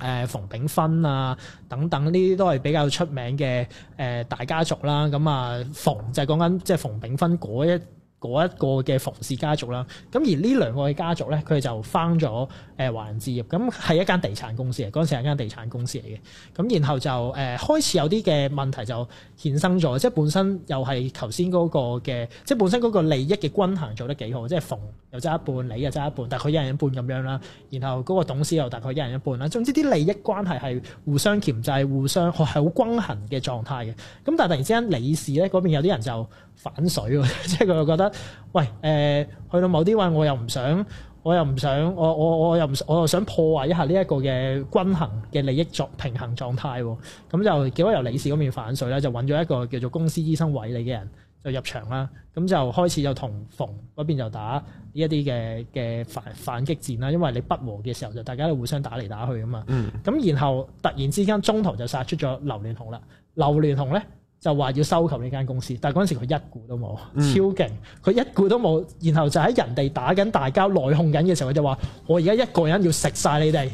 誒、呃、馮炳芬啊，等等呢啲都係比較出名嘅誒、呃、大家族啦。咁、呃、啊，馮就係講緊即係馮秉芬嗰一嗰一個嘅馮氏家族啦，咁而呢兩個嘅家族咧，佢哋就翻咗誒華人置業，咁係一間地產公司嘅，嗰陣時係間地產公司嚟嘅。咁然後就誒、呃、開始有啲嘅問題就衍生咗，即係本身又係頭先嗰個嘅，即係本身嗰個利益嘅均衡做得幾好，即係馮又揸一半，你又揸一半，大概一人一半咁樣啦。然後嗰個董事又大概一人一半啦。總之啲利益關係係互相鉗制、互相係好均衡嘅狀態嘅。咁但係突然之間李氏咧嗰邊有啲人就反水喎，即係佢又覺得，喂，誒、呃，去到某啲位我又唔想，我又唔想，我我我又唔，我又想破壞一下呢一個嘅均衡嘅利益作平衡狀態喎，咁就結果由利氏嗰邊反水咧，就揾咗一個叫做公司醫生韋理嘅人就入場啦，咁就開始就同馮嗰邊就打呢一啲嘅嘅反反擊戰啦，因為你不和嘅時候就大家都互相打嚟打去啊嘛，咁然後突然之間中途就殺出咗劉鑾雄啦，劉鑾雄咧。就話要收購呢間公司，但嗰時佢一股都冇，超勁，佢一股都冇，然後就喺人哋打緊大交，內控緊嘅時候，佢就話，我而家一個人要食晒你哋，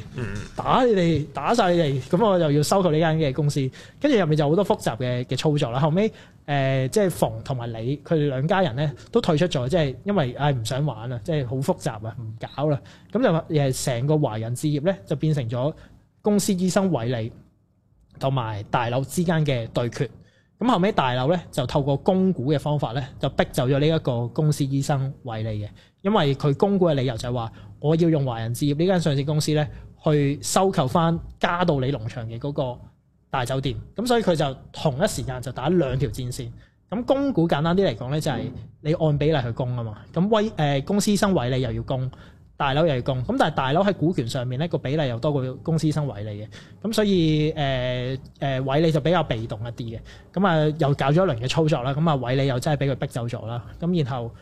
打你哋，打晒你哋，咁我就要收購呢間嘅公司，跟住入面就好多複雜嘅嘅操作啦。後尾，即係馮同埋李，佢哋兩家人呢，都退出咗，即係因為，咁後尾大樓咧就透過供股嘅方法咧，就逼走咗呢一個公司醫生韋理嘅，因為佢供股嘅理由就係話，我要用華人置業呢間上市公司咧，去收購翻嘉道理農場嘅嗰個大酒店，咁所以佢就同一時間就打兩條戰線。咁供股簡單啲嚟講咧，就係你按比例去供啊嘛，咁威誒公司醫生韋理又要供。大劉又係供，咁但係大劉喺股權上面咧個比例又多過公司生韋理嘅，咁所以誒誒韋理就比較被動一啲嘅，咁啊又搞咗一輪嘅操作啦，咁啊韋理又真係俾佢逼走咗啦，咁然後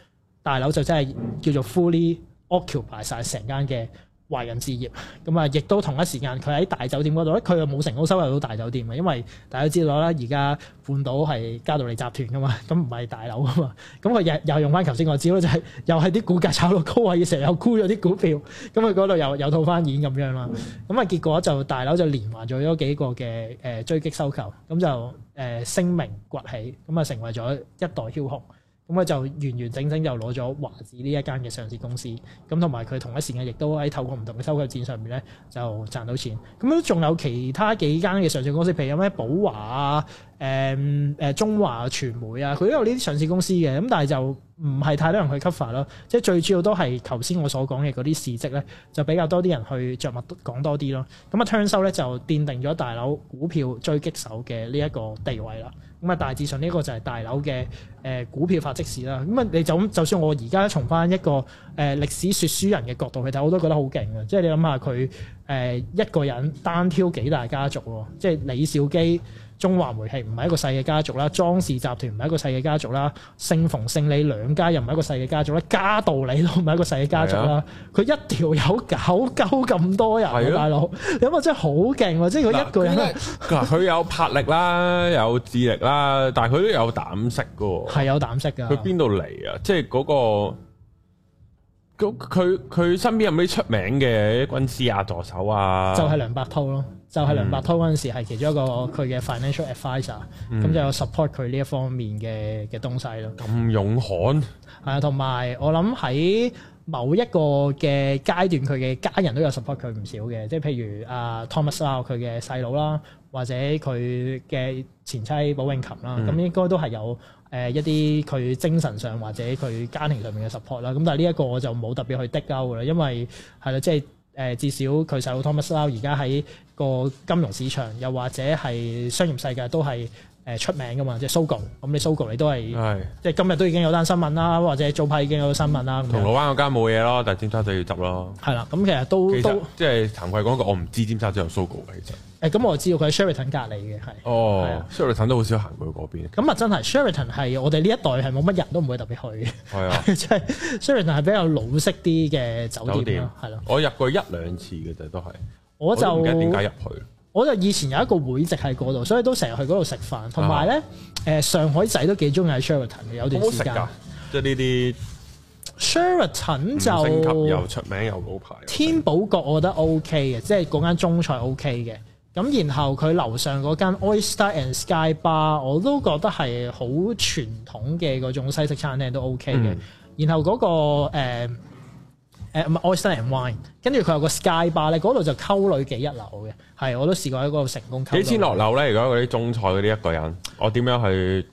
大劉就真係叫做 fully occupy 曬成間嘅。華人置業咁啊，亦都同一時間佢喺大酒店嗰度咧，佢又冇成功收入到大酒店啊，因為大家知道啦，而家半島係嘉道理集團嘅嘛，咁唔係大劉啊嘛，咁佢又又用翻頭先我講咧，就係、是、又係啲股價炒到高位啊，要成日沽咗啲股票，咁佢嗰度又又套翻現咁樣啦，咁啊結果就大劉就連環做咗幾個嘅誒、呃、追擊收購，咁就誒、呃、聲名崛起，咁啊成為咗一代梟雄。咁啊就完完整整就攞咗華置呢一間嘅上市公司，咁同埋佢同一時間亦都喺透過唔同嘅收購戰上面咧就賺到錢，咁都仲有其他幾間嘅上市公司，譬如有咩寶華啊、誒、嗯、誒中華傳媒啊，佢都有呢啲上市公司嘅，咁但係就唔係太多人去 cover 咯，即係最主要都係頭先我所講嘅嗰啲事蹟咧，就比較多啲人去着墨講多啲咯，咁啊昌修 r 咧就奠定咗大劉股票追擊手嘅呢一個地位啦。咁啊，大致上呢個就係大劉嘅誒、呃、股票發跡史啦。咁、嗯、啊，你就咁，就算我而家從返一個誒、呃、歷史説書人嘅角度去睇，我都覺得好勁啊！即係你諗下佢誒一個人單挑幾大家族咯，即係李兆基。中華煤氣唔係一個細嘅家族啦，莊士集團唔係一個細嘅家族啦，姓馮姓李兩家又唔係一個細嘅家族啦，嘉道理都唔係一個細嘅家族啦，佢是、啊、一條友九鳩咁多人，是啊、大佬，有啊真係好勁喎！即係佢一個人，佢有魄力啦，有智力啦，但係佢都有膽識噶喎，係有膽識噶。佢邊度嚟啊？即係嗰個佢佢身邊有咩出名嘅軍師啊、助手啊？就係梁伯韜咯。就係梁伯韜嗰陣時係其中一個佢嘅 financial advisor，咁就有 support 佢呢一方面嘅嘅東西咯。咁勇悍係啊，同埋我諗喺某一個嘅階段，佢嘅家人都有 support 佢唔少嘅，即係譬如啊 Thomas Lau 佢嘅細佬啦，或者佢嘅前妻寶詠琴啦，咁、嗯、應該都係有誒一啲佢精神上或者佢家庭上面嘅 support 啦。咁但係呢一個我就冇特別去 dig out 嘅啦，因為係啦，即係。就是誒、呃、至少佢細佬 Thomas Lau 而家喺個金融市場，又或者係商業世界都係。誒出名噶嘛，即係 Sogo，咁你 Sogo 你都係，即係今日都已經有單新聞啦，或者早排已經有新聞啦。銅鑼灣嗰間冇嘢咯，但係尖沙咀要執咯。係啦，咁其實都都即係慚愧講句，我唔知尖沙咀有 Sogo 嘅，其實誒咁我知道佢喺 Sheraton 隔離嘅，係哦，Sheraton 都好少行去嗰邊。咁啊真係 Sheraton 係我哋呢一代係冇乜人都唔會特別去嘅。係啊，即係 Sheraton 係比較老式啲嘅酒店咯，係咯。我入過一兩次嘅就都係，我就唔記得點解入去。我就以前有一個會籍喺嗰度，所以都成日去嗰度食飯。同埋咧，誒、啊、上海仔都幾中意喺 Sheraton 嘅有段時間。好食㗎，即係呢啲 Sheraton 就升級又出名又老牌。天寶閣我覺得 OK 嘅，即係嗰間中菜 OK 嘅。咁然後佢樓上嗰間 Oyster and Sky bar 我都覺得係好傳統嘅嗰種西式餐廳都 OK 嘅。嗯、然後嗰、那個誒。呃誒唔係 Australian wine，跟住佢有個 sky bar 咧，嗰度就溝女幾一流嘅，係我都試過喺嗰度成功溝。幾千落樓咧？而家嗰啲中菜嗰啲一個人，我點樣去？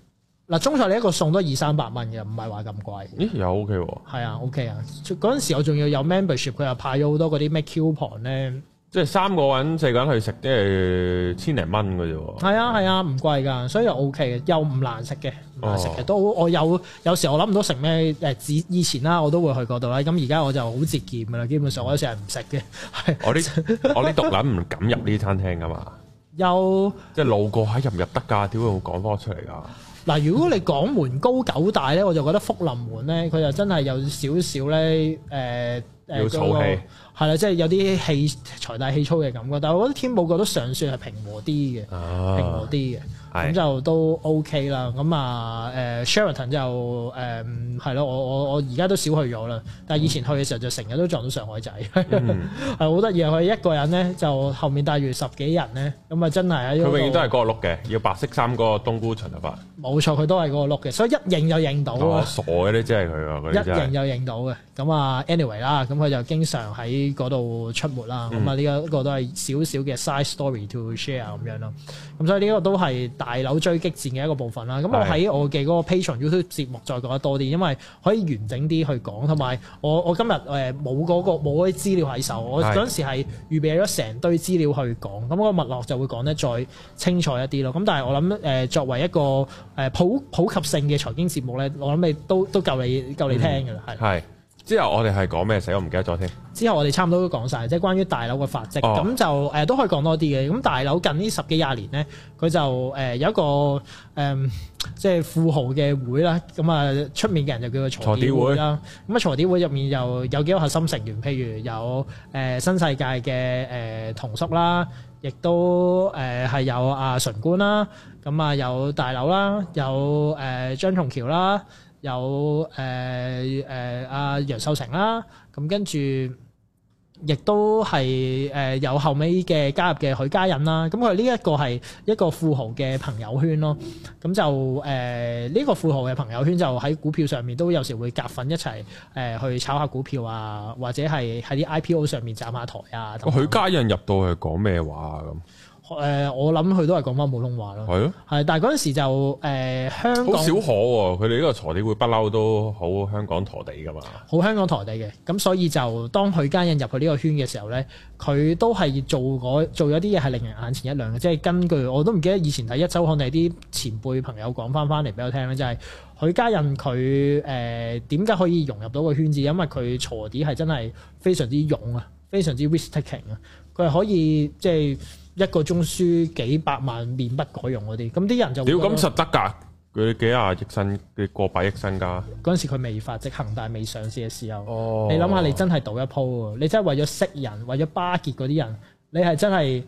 嗱， 中菜你一個送多二三百蚊嘅，唔係話咁貴。咦？又 OK 喎？係啊，OK 啊！嗰、okay、陣時我仲要有 membership，佢又派咗好多嗰啲咩 coupon 咧。即係三個揾四個人去食，即係千零蚊嘅啫喎。係啊，係啊，唔貴噶，所以又 OK 嘅，又唔難食嘅，唔難食嘅、哦、都我有有時我諗唔到食咩誒？以前啦，我都會去嗰度啦。咁而家我就好節儉噶啦，基本上我有時係唔食嘅。我啲這 我啲獨撚唔敢入呢啲餐廳噶嘛。有即係路過喺、哎、入唔入得㗎？點會會講多出嚟㗎？嗱，如果你講門高九大咧，我就覺得福臨門咧，佢就真係有少少咧，誒、呃、誒，係啦、呃那個，即係有啲氣財大氣粗嘅感覺，但係我覺得天寶閣都尚算係平和啲嘅，啊、平和啲嘅。咁就、嗯嗯、都 OK 啦。咁啊，誒、呃、Sheraton 就誒係咯，我我我而家都少去咗啦。但係以前去嘅時候就成日都撞到上海仔，係好得意啊！佢 一個人咧就後面帶住十幾人咧，咁啊真係啊！佢永遠都係嗰個碌嘅，要白色衫嗰個冬菇頭髮。冇錯，佢都係嗰個碌嘅，所以一認就認到啦、哦。傻嘅咧，真係佢一認就認到嘅。咁、嗯、啊，anyway 啦，咁佢就經常喺嗰度出沒啦。咁啊、嗯，呢個都係少少嘅 side story to share 咁樣咯。咁所以呢個都係。大樓追擊戰嘅一個部分啦，咁我喺我嘅嗰個 Patreon YouTube 節目再講得多啲，因為可以完整啲去講，同埋我我今日誒冇嗰個冇啲資料喺手，我嗰陣時係預備咗成堆資料去講，咁嗰個脈絡就會講得再清楚一啲咯。咁但係我諗誒、呃、作為一個誒、呃、普普及性嘅財經節目咧，我諗你都都夠你夠你聽㗎啦，係、嗯。之後我哋係講咩死先？我唔記得咗添。之後我哋差唔多都講晒，即係關於大劉嘅法則。咁、哦、就誒、嗯、都可以講多啲嘅。咁大劉近十十呢十幾廿年咧，佢就誒、呃、有一個誒即係富豪嘅會啦。咁啊出面嘅人就叫做鋤 D 會啦。咁啊鋤 D 會入面又有，有幾個核心成員，譬如有誒、呃、新世界嘅誒、呃、彤叔啦，亦都誒係有阿純官啦。咁啊有大劉啦，有誒、呃、張松橋啦。有誒誒阿楊秀成啦、啊，咁跟住亦都係誒有後尾嘅加入嘅許家印啦、啊，咁佢呢一個係一個富豪嘅朋友圈咯，咁、嗯、就誒呢、呃，這個富豪嘅朋友圈就喺股票上面都有時會夾份一齊誒、呃、去炒下股票啊，或者係喺啲 IPO 上面站下台啊。等等，許家印入到去講咩話咁、啊？誒、呃，我諗佢都係講翻普通話咯。係啊，係，但係嗰陣時就誒、呃、香港好少可喎、啊。佢哋呢個鋤地會不嬲都好香港陀地噶嘛，好香港陀地嘅咁，所以就當許家印入去呢個圈嘅時候咧，佢都係做做咗啲嘢係令人眼前一亮嘅。即係根據我都唔記得以前睇一週刊定係啲前輩朋友講翻翻嚟俾我聽咧，就係、是、許家印佢誒點解可以融入到個圈子，因為佢鋤地係真係非常之勇啊，非常之 risk-taking 啊，佢係可以即係。一個鐘輸幾百萬，面不改容嗰啲，咁啲人就屌咁實得噶，佢幾廿億身，佢過百億身家。嗰陣時佢未發跡，恒大未上市嘅時候，哦、你諗下，你真係賭一鋪，你真係為咗識人，為咗巴結嗰啲人，你係真係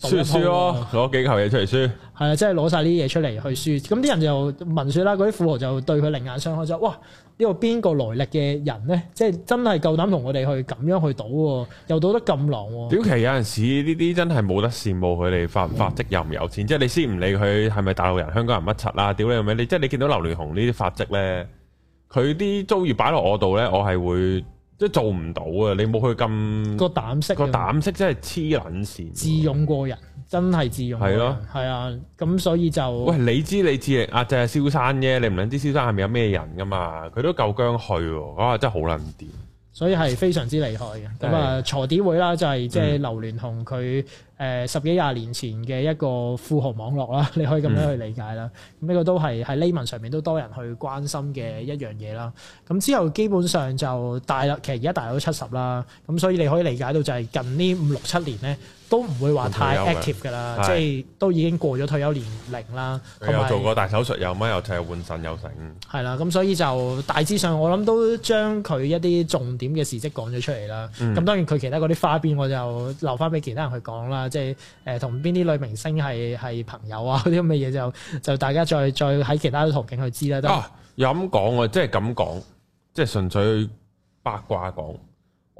輸輸咯，攞幾球嘢出嚟輸。係啊，真係攞晒啲嘢出嚟去輸，咁啲人就聞說啦，嗰啲富豪就對佢另眼相看咗，哇！呢個邊個來歷嘅人呢？即係真係夠膽同我哋去咁樣去賭，哦，又賭得咁狼，狼、哦。屌其有陣時呢啲真係冇得羨慕佢哋發唔發跡，嗯、跡又唔有錢。即係你先唔理佢係咪大陸人、香港人乜柒啦！屌你係咪你，即係你見到劉鑾雄呢啲發跡呢？佢啲遭遇擺落我度呢，我係會。即係做唔到啊！你冇去咁個膽色，個膽色真係黐撚線，自勇過人真係自勇。係咯的，係啊，咁所以就喂，你知你知、啊、就隻、是、燒山啫，你唔撚知燒山係咪有咩人噶嘛？佢都夠薑去喎，哇、啊啊！真係好撚掂。所以係非常之厲害嘅，咁對、嗯、啊，鋤典會啦，就係即係劉鑾雄佢誒十幾廿年前嘅一個富豪網絡啦，你可以咁樣去理解啦。咁呢、嗯、個都係喺 layman 上面都多人去關心嘅一樣嘢啦。咁之後基本上就大啦，其實而家大咗七十啦。咁所以你可以理解到就係近 5, 6, 呢五六七年咧。都唔會話太 active 嘅啦，即係都已經過咗退休年齡啦。佢有做過大手術有，又又有乜有替換腎，有成。係啦，咁所以就大致上，我諗都將佢一啲重點嘅事蹟講咗出嚟啦。咁、嗯、當然佢其他嗰啲花邊，我就留返俾其他人去講啦。即係誒，同邊啲女明星係係朋友啊嗰啲咁嘅嘢，就就大家再再喺其他途徑去知啦。都咁講喎，即係咁講，即係、就是就是、純粹八卦講。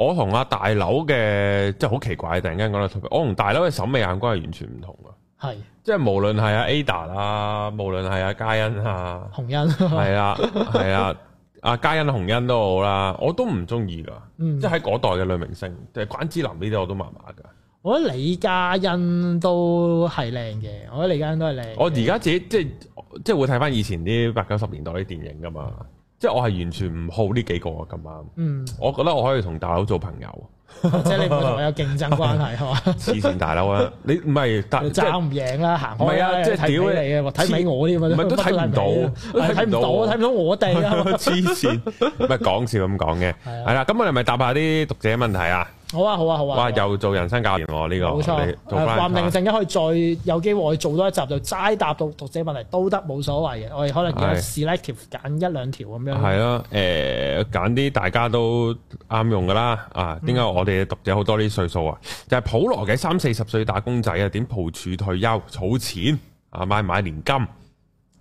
我同阿大劉嘅，即係好奇怪，突然間講啦，我同大劉嘅審美眼光係完全唔同噶，係是即係無論係阿 Ada 啦，無論係阿嘉欣啊，洪欣係啊係啊，阿嘉欣洪欣都好啦，我都唔中意噶。嗯、即係喺嗰代嘅女明星，即係關之琳呢啲我都麻麻噶，我覺得李嘉欣都係靚嘅，我覺得李嘉欣都係靚，我而家自己即係即係會睇翻以前啲八九十年代啲電影噶嘛。嗯即係我係完全唔好呢幾個啊，咁啱，我覺得我可以同大佬做朋友，即係你唔會同我有競爭關係係嘛？黐線大佬啊，你唔係打唔贏啦，行開啊，即係屌你啊，睇唔起我啲啊，唔係都睇唔到，睇唔到，睇唔到我哋啊，黐線，咪講笑咁講嘅，係啦，今日我哋係咪答下啲讀者問題啊？好啊好啊好啊！好啊好啊好啊哇，又做人生教練喎呢、嗯這個，冇錯。話唔定陣間可以再有機會去做多一集，就齋答到讀者問題都得，冇所謂嘅。我哋可能試咧條，揀一兩條咁樣。係啊，誒、呃，揀啲大家都啱用噶啦。啊，點解我哋嘅讀者好多呢啲歲數啊？嗯、就係普羅嘅三四十歲打工仔啊，點部署退休、儲錢啊，買唔買年金？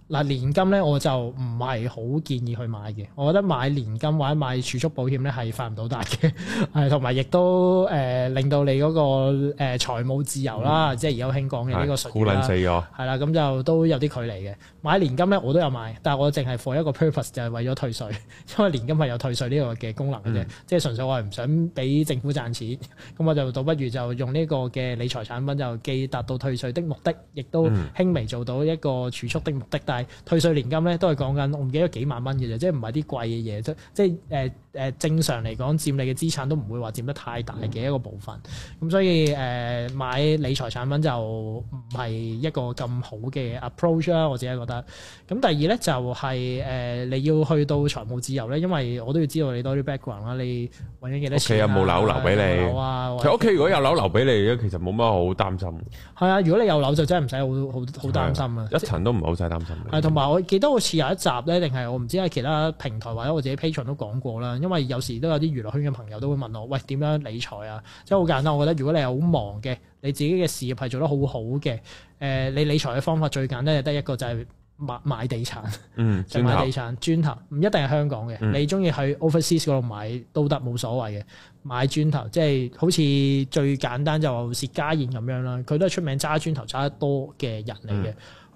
嗱年金咧我就唔係好建議去買嘅，我覺得買年金或者買儲蓄保險咧係發唔到達嘅，係同埋亦都誒、呃、令到你嗰個誒財務自由啦，嗯、即係而家興講嘅呢個純係啦，係啦、嗯，咁就都有啲距離嘅。買年金咧我都有買，但係我淨係 for 一個 purpose 就係為咗退稅，因為年金係有退稅呢個嘅功能嘅啫，即係、嗯、純粹我係唔想俾政府賺錢，咁、嗯、我就倒不如就用呢個嘅理財產品就既達到退稅的目的，亦都輕微做到一個儲蓄的目的，但退稅年金咧都係講緊，我唔記得幾萬蚊嘅啫，即係唔係啲貴嘅嘢，即即誒誒，正常嚟講佔你嘅資產都唔會話佔得太大嘅一個部分。咁、嗯、所以誒買理財產品就唔係一個咁好嘅 approach 啦，我自己覺得。咁第二咧就係、是、誒，你要去到財務自由咧，因為我都要知道你多啲 background 啦，你搵咗幾多錢啊？屋企有冇樓留俾你？有，有啊。屋企如果有樓留俾你其實冇乜好擔心。係啊，如果你有樓就真係唔使好好好擔心啊。啊一層都唔係好使擔心。即係，同埋我記得好似有一集咧，定係我唔知係其他平台或者我自己 Patreon 都講過啦。因為有時都有啲娛樂圈嘅朋友都會問我，喂點樣理財啊？即係好簡單，我覺得如果你係好忙嘅，你自己嘅事業係做得好好嘅，誒、呃、你理財嘅方法最簡單係得一個就係買買地產，嗯，就買地產，磚頭唔一定係香港嘅，嗯、你中意去 overseas 嗰度買都得冇所謂嘅，買磚頭，即係好似最簡單就薛家燕咁樣啦，佢都係出名揸磚頭揸得多嘅人嚟嘅。嗯。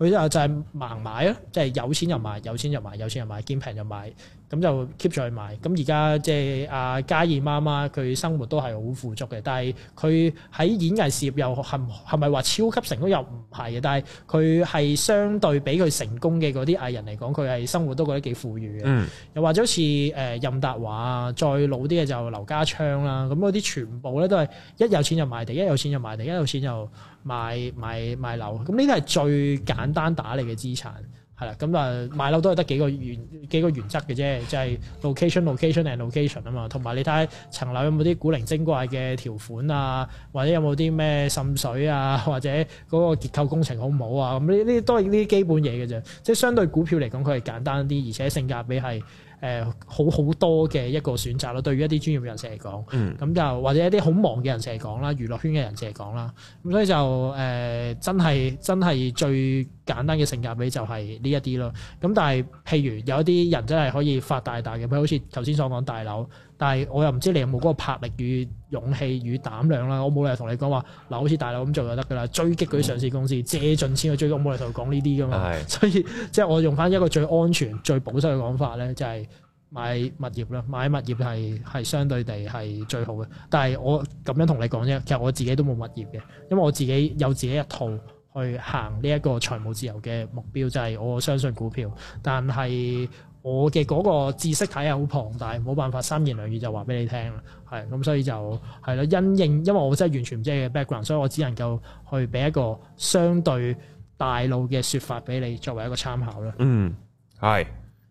佢就係盲買咯，即係有錢就買，有錢就買，有錢就買，見平就買，咁就 keep 住去買。咁而家即係阿嘉義媽媽，佢生活都係好富足嘅。但係佢喺演藝事業又係係咪話超級成功又唔係嘅？但係佢係相對比佢成功嘅嗰啲藝人嚟講，佢係生活都覺得幾富裕嘅。嗯。又或者好似誒任達華啊，再老啲嘅就劉家昌啦。咁嗰啲全部咧都係一有錢就買地，一有錢就買地，地，一有錢就。買買買樓，咁呢啲係最簡單打理嘅資產，係啦。咁啊買樓都係得幾個原幾個原則嘅啫，就係 location，location and location 啊嘛。同埋你睇下層樓有冇啲古靈精怪嘅條款啊，或者有冇啲咩滲水啊，或者嗰個結構工程好唔好啊？咁呢呢都係呢啲基本嘢嘅啫。即係相對股票嚟講，佢係簡單啲，而且性價比係。誒好好多嘅一個選擇咯，對於一啲專業人士嚟講，咁就、嗯、或者一啲好忙嘅人士嚟講啦，娛樂圈嘅人士嚟講啦，咁所以就誒、呃、真係真係最簡單嘅性價比就係呢一啲咯，咁但係譬如有一啲人真係可以發大大嘅，譬如好似頭先所講大劉，但係我又唔知你有冇嗰個魄力與勇氣與膽量啦，我冇理由同你講話，嗱，好似大劉咁做就得噶啦，追擊嗰啲上市公司借盡錢去追擊，我冇理由同佢講呢啲噶嘛，所以即係我用翻一個最安全、最保守嘅講法咧，就係買物業啦，買物業係係相對地係最好嘅。但係我咁樣同你講啫，其實我自己都冇物業嘅，因為我自己有自己一套。去行呢一個財務自由嘅目標就係、是、我相信股票，但係我嘅嗰個知識體系好龐大，冇辦法三言兩語就話俾你聽。係咁，所以就係咯，因應因為我真係完全唔知你嘅 background，所以我只能夠去俾一個相對大路嘅説法俾你作為一個參考啦。嗯，係呢、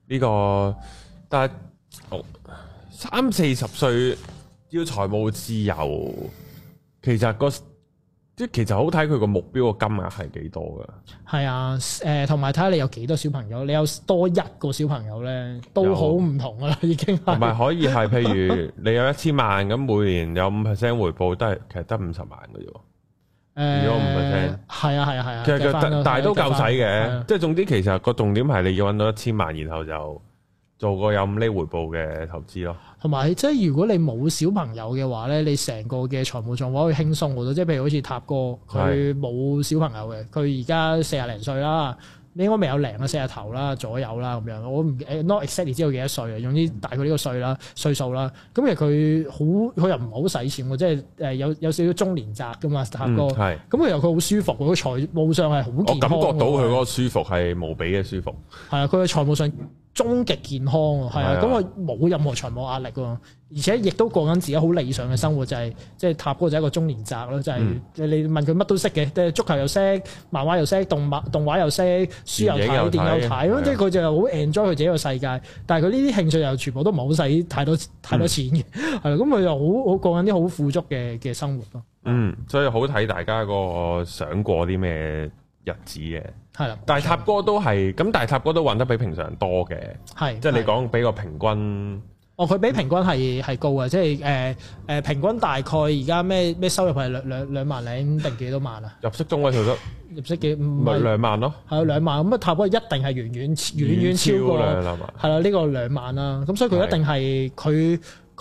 這個，但係、哦、三四十歲要財務自由，其實、那個即其實好睇佢個目標個金額係幾多噶，係啊，誒、呃，同埋睇下你有幾多小朋友，你有多一個小朋友咧，都好唔同㗎啦，已經。同埋可以係譬如你有一千萬咁，每年有五 percent 回報，都係其實得五十萬嘅啫。如果五 percent，係啊係啊係啊。其實但係都夠使嘅，即係總之其實個重點係、啊啊、你要搵到一千萬，然後就。做過有咁呢回報嘅投資咯，同埋即係如果你冇小朋友嘅話咧，你成個嘅財務狀況可以輕鬆好多。即係譬如好似塔哥，佢冇小朋友嘅，佢而家四廿零歲啦，你應該未有零啊四廿頭啦左右啦咁樣。我唔 not exactly 知道幾多歲，總之大概呢個歲啦歲數啦。咁其實佢好佢又唔好使錢喎，即係誒有有少少中年宅噶嘛，塔哥。係咁、嗯，其實佢好舒服喎，財務上係好。我感覺到佢嗰個舒服係無比嘅舒服。係啊，佢嘅財務上。終極健康，係啊，咁佢冇任何財務壓力喎，而且亦都過緊自己好理想嘅生活，就係即係塔哥就係一個中年宅咯，就係你問佢乜都識嘅，即係足球又識，漫畫又識，動漫動畫又識，書又睇，電影又睇，咁即係佢就好 enjoy 佢自己個世界。但係佢呢啲興趣又全部都唔係好使太多太多錢嘅，係啦，咁佢又好好過緊啲好富足嘅嘅生活咯。嗯，所以好睇大家個想過啲咩日子嘅係啦，大塔哥都係咁，大塔哥都揾得比平常人多嘅，係即係你講比個平均。哦，佢比平均係係高啊，即係誒誒平均大概而家咩咩收入係兩兩兩萬零定幾多萬啊？入息中位條數入息幾唔係兩萬咯，係兩萬咁啊！塔哥一定係遠遠遠遠超過兩萬，係啦呢個兩萬啦，咁所以佢一定係佢。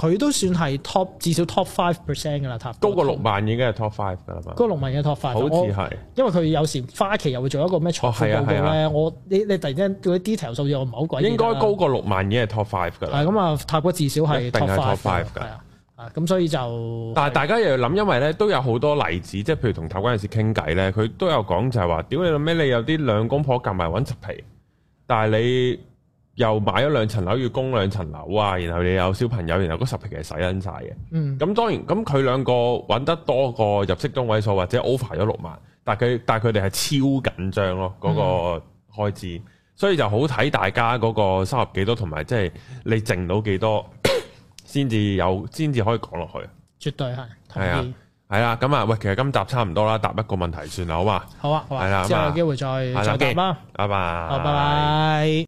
佢都算係 top，至少 top five percent 㗎啦，塔哥高過六萬已經係 top five 㗎啦。高過六萬已經 top five。好似係，因為佢有時花旗又會做一個咩初步報告，我你你突然間嗰啲 detail 數字我唔係好鬼。應該高過六萬已經係 top five 㗎啦。咁啊，塔哥至少係定係 top five 㗎。係的啊，咁所以就，但係大家又要諗，因為咧都有好多例子，即係譬如同塔哥有時傾偈咧，佢都有講就係話，屌你，你咩你有啲兩公婆夾埋揾十皮，但係你。又買咗兩層樓要供兩層樓啊，然後你有小朋友，然後嗰十皮其實使緊晒嘅。嗯。咁當然，咁佢兩個揾得多過入息中位數或者 over 咗六萬，但佢但佢哋係超緊張咯，嗰、嗰個開支。嗯、所以就好睇大家嗰個收入幾多，多咳咳，同埋即係你剩到幾多先至有，先至可以講落去。絕對係。係啊。係啦、啊，咁啊，喂，其實今集差唔多啦，答一個問題算啦，好嘛？好啊，好啊。係啦、啊，啊、之後有機會再、啊、再答啦。拜拜。好，拜拜。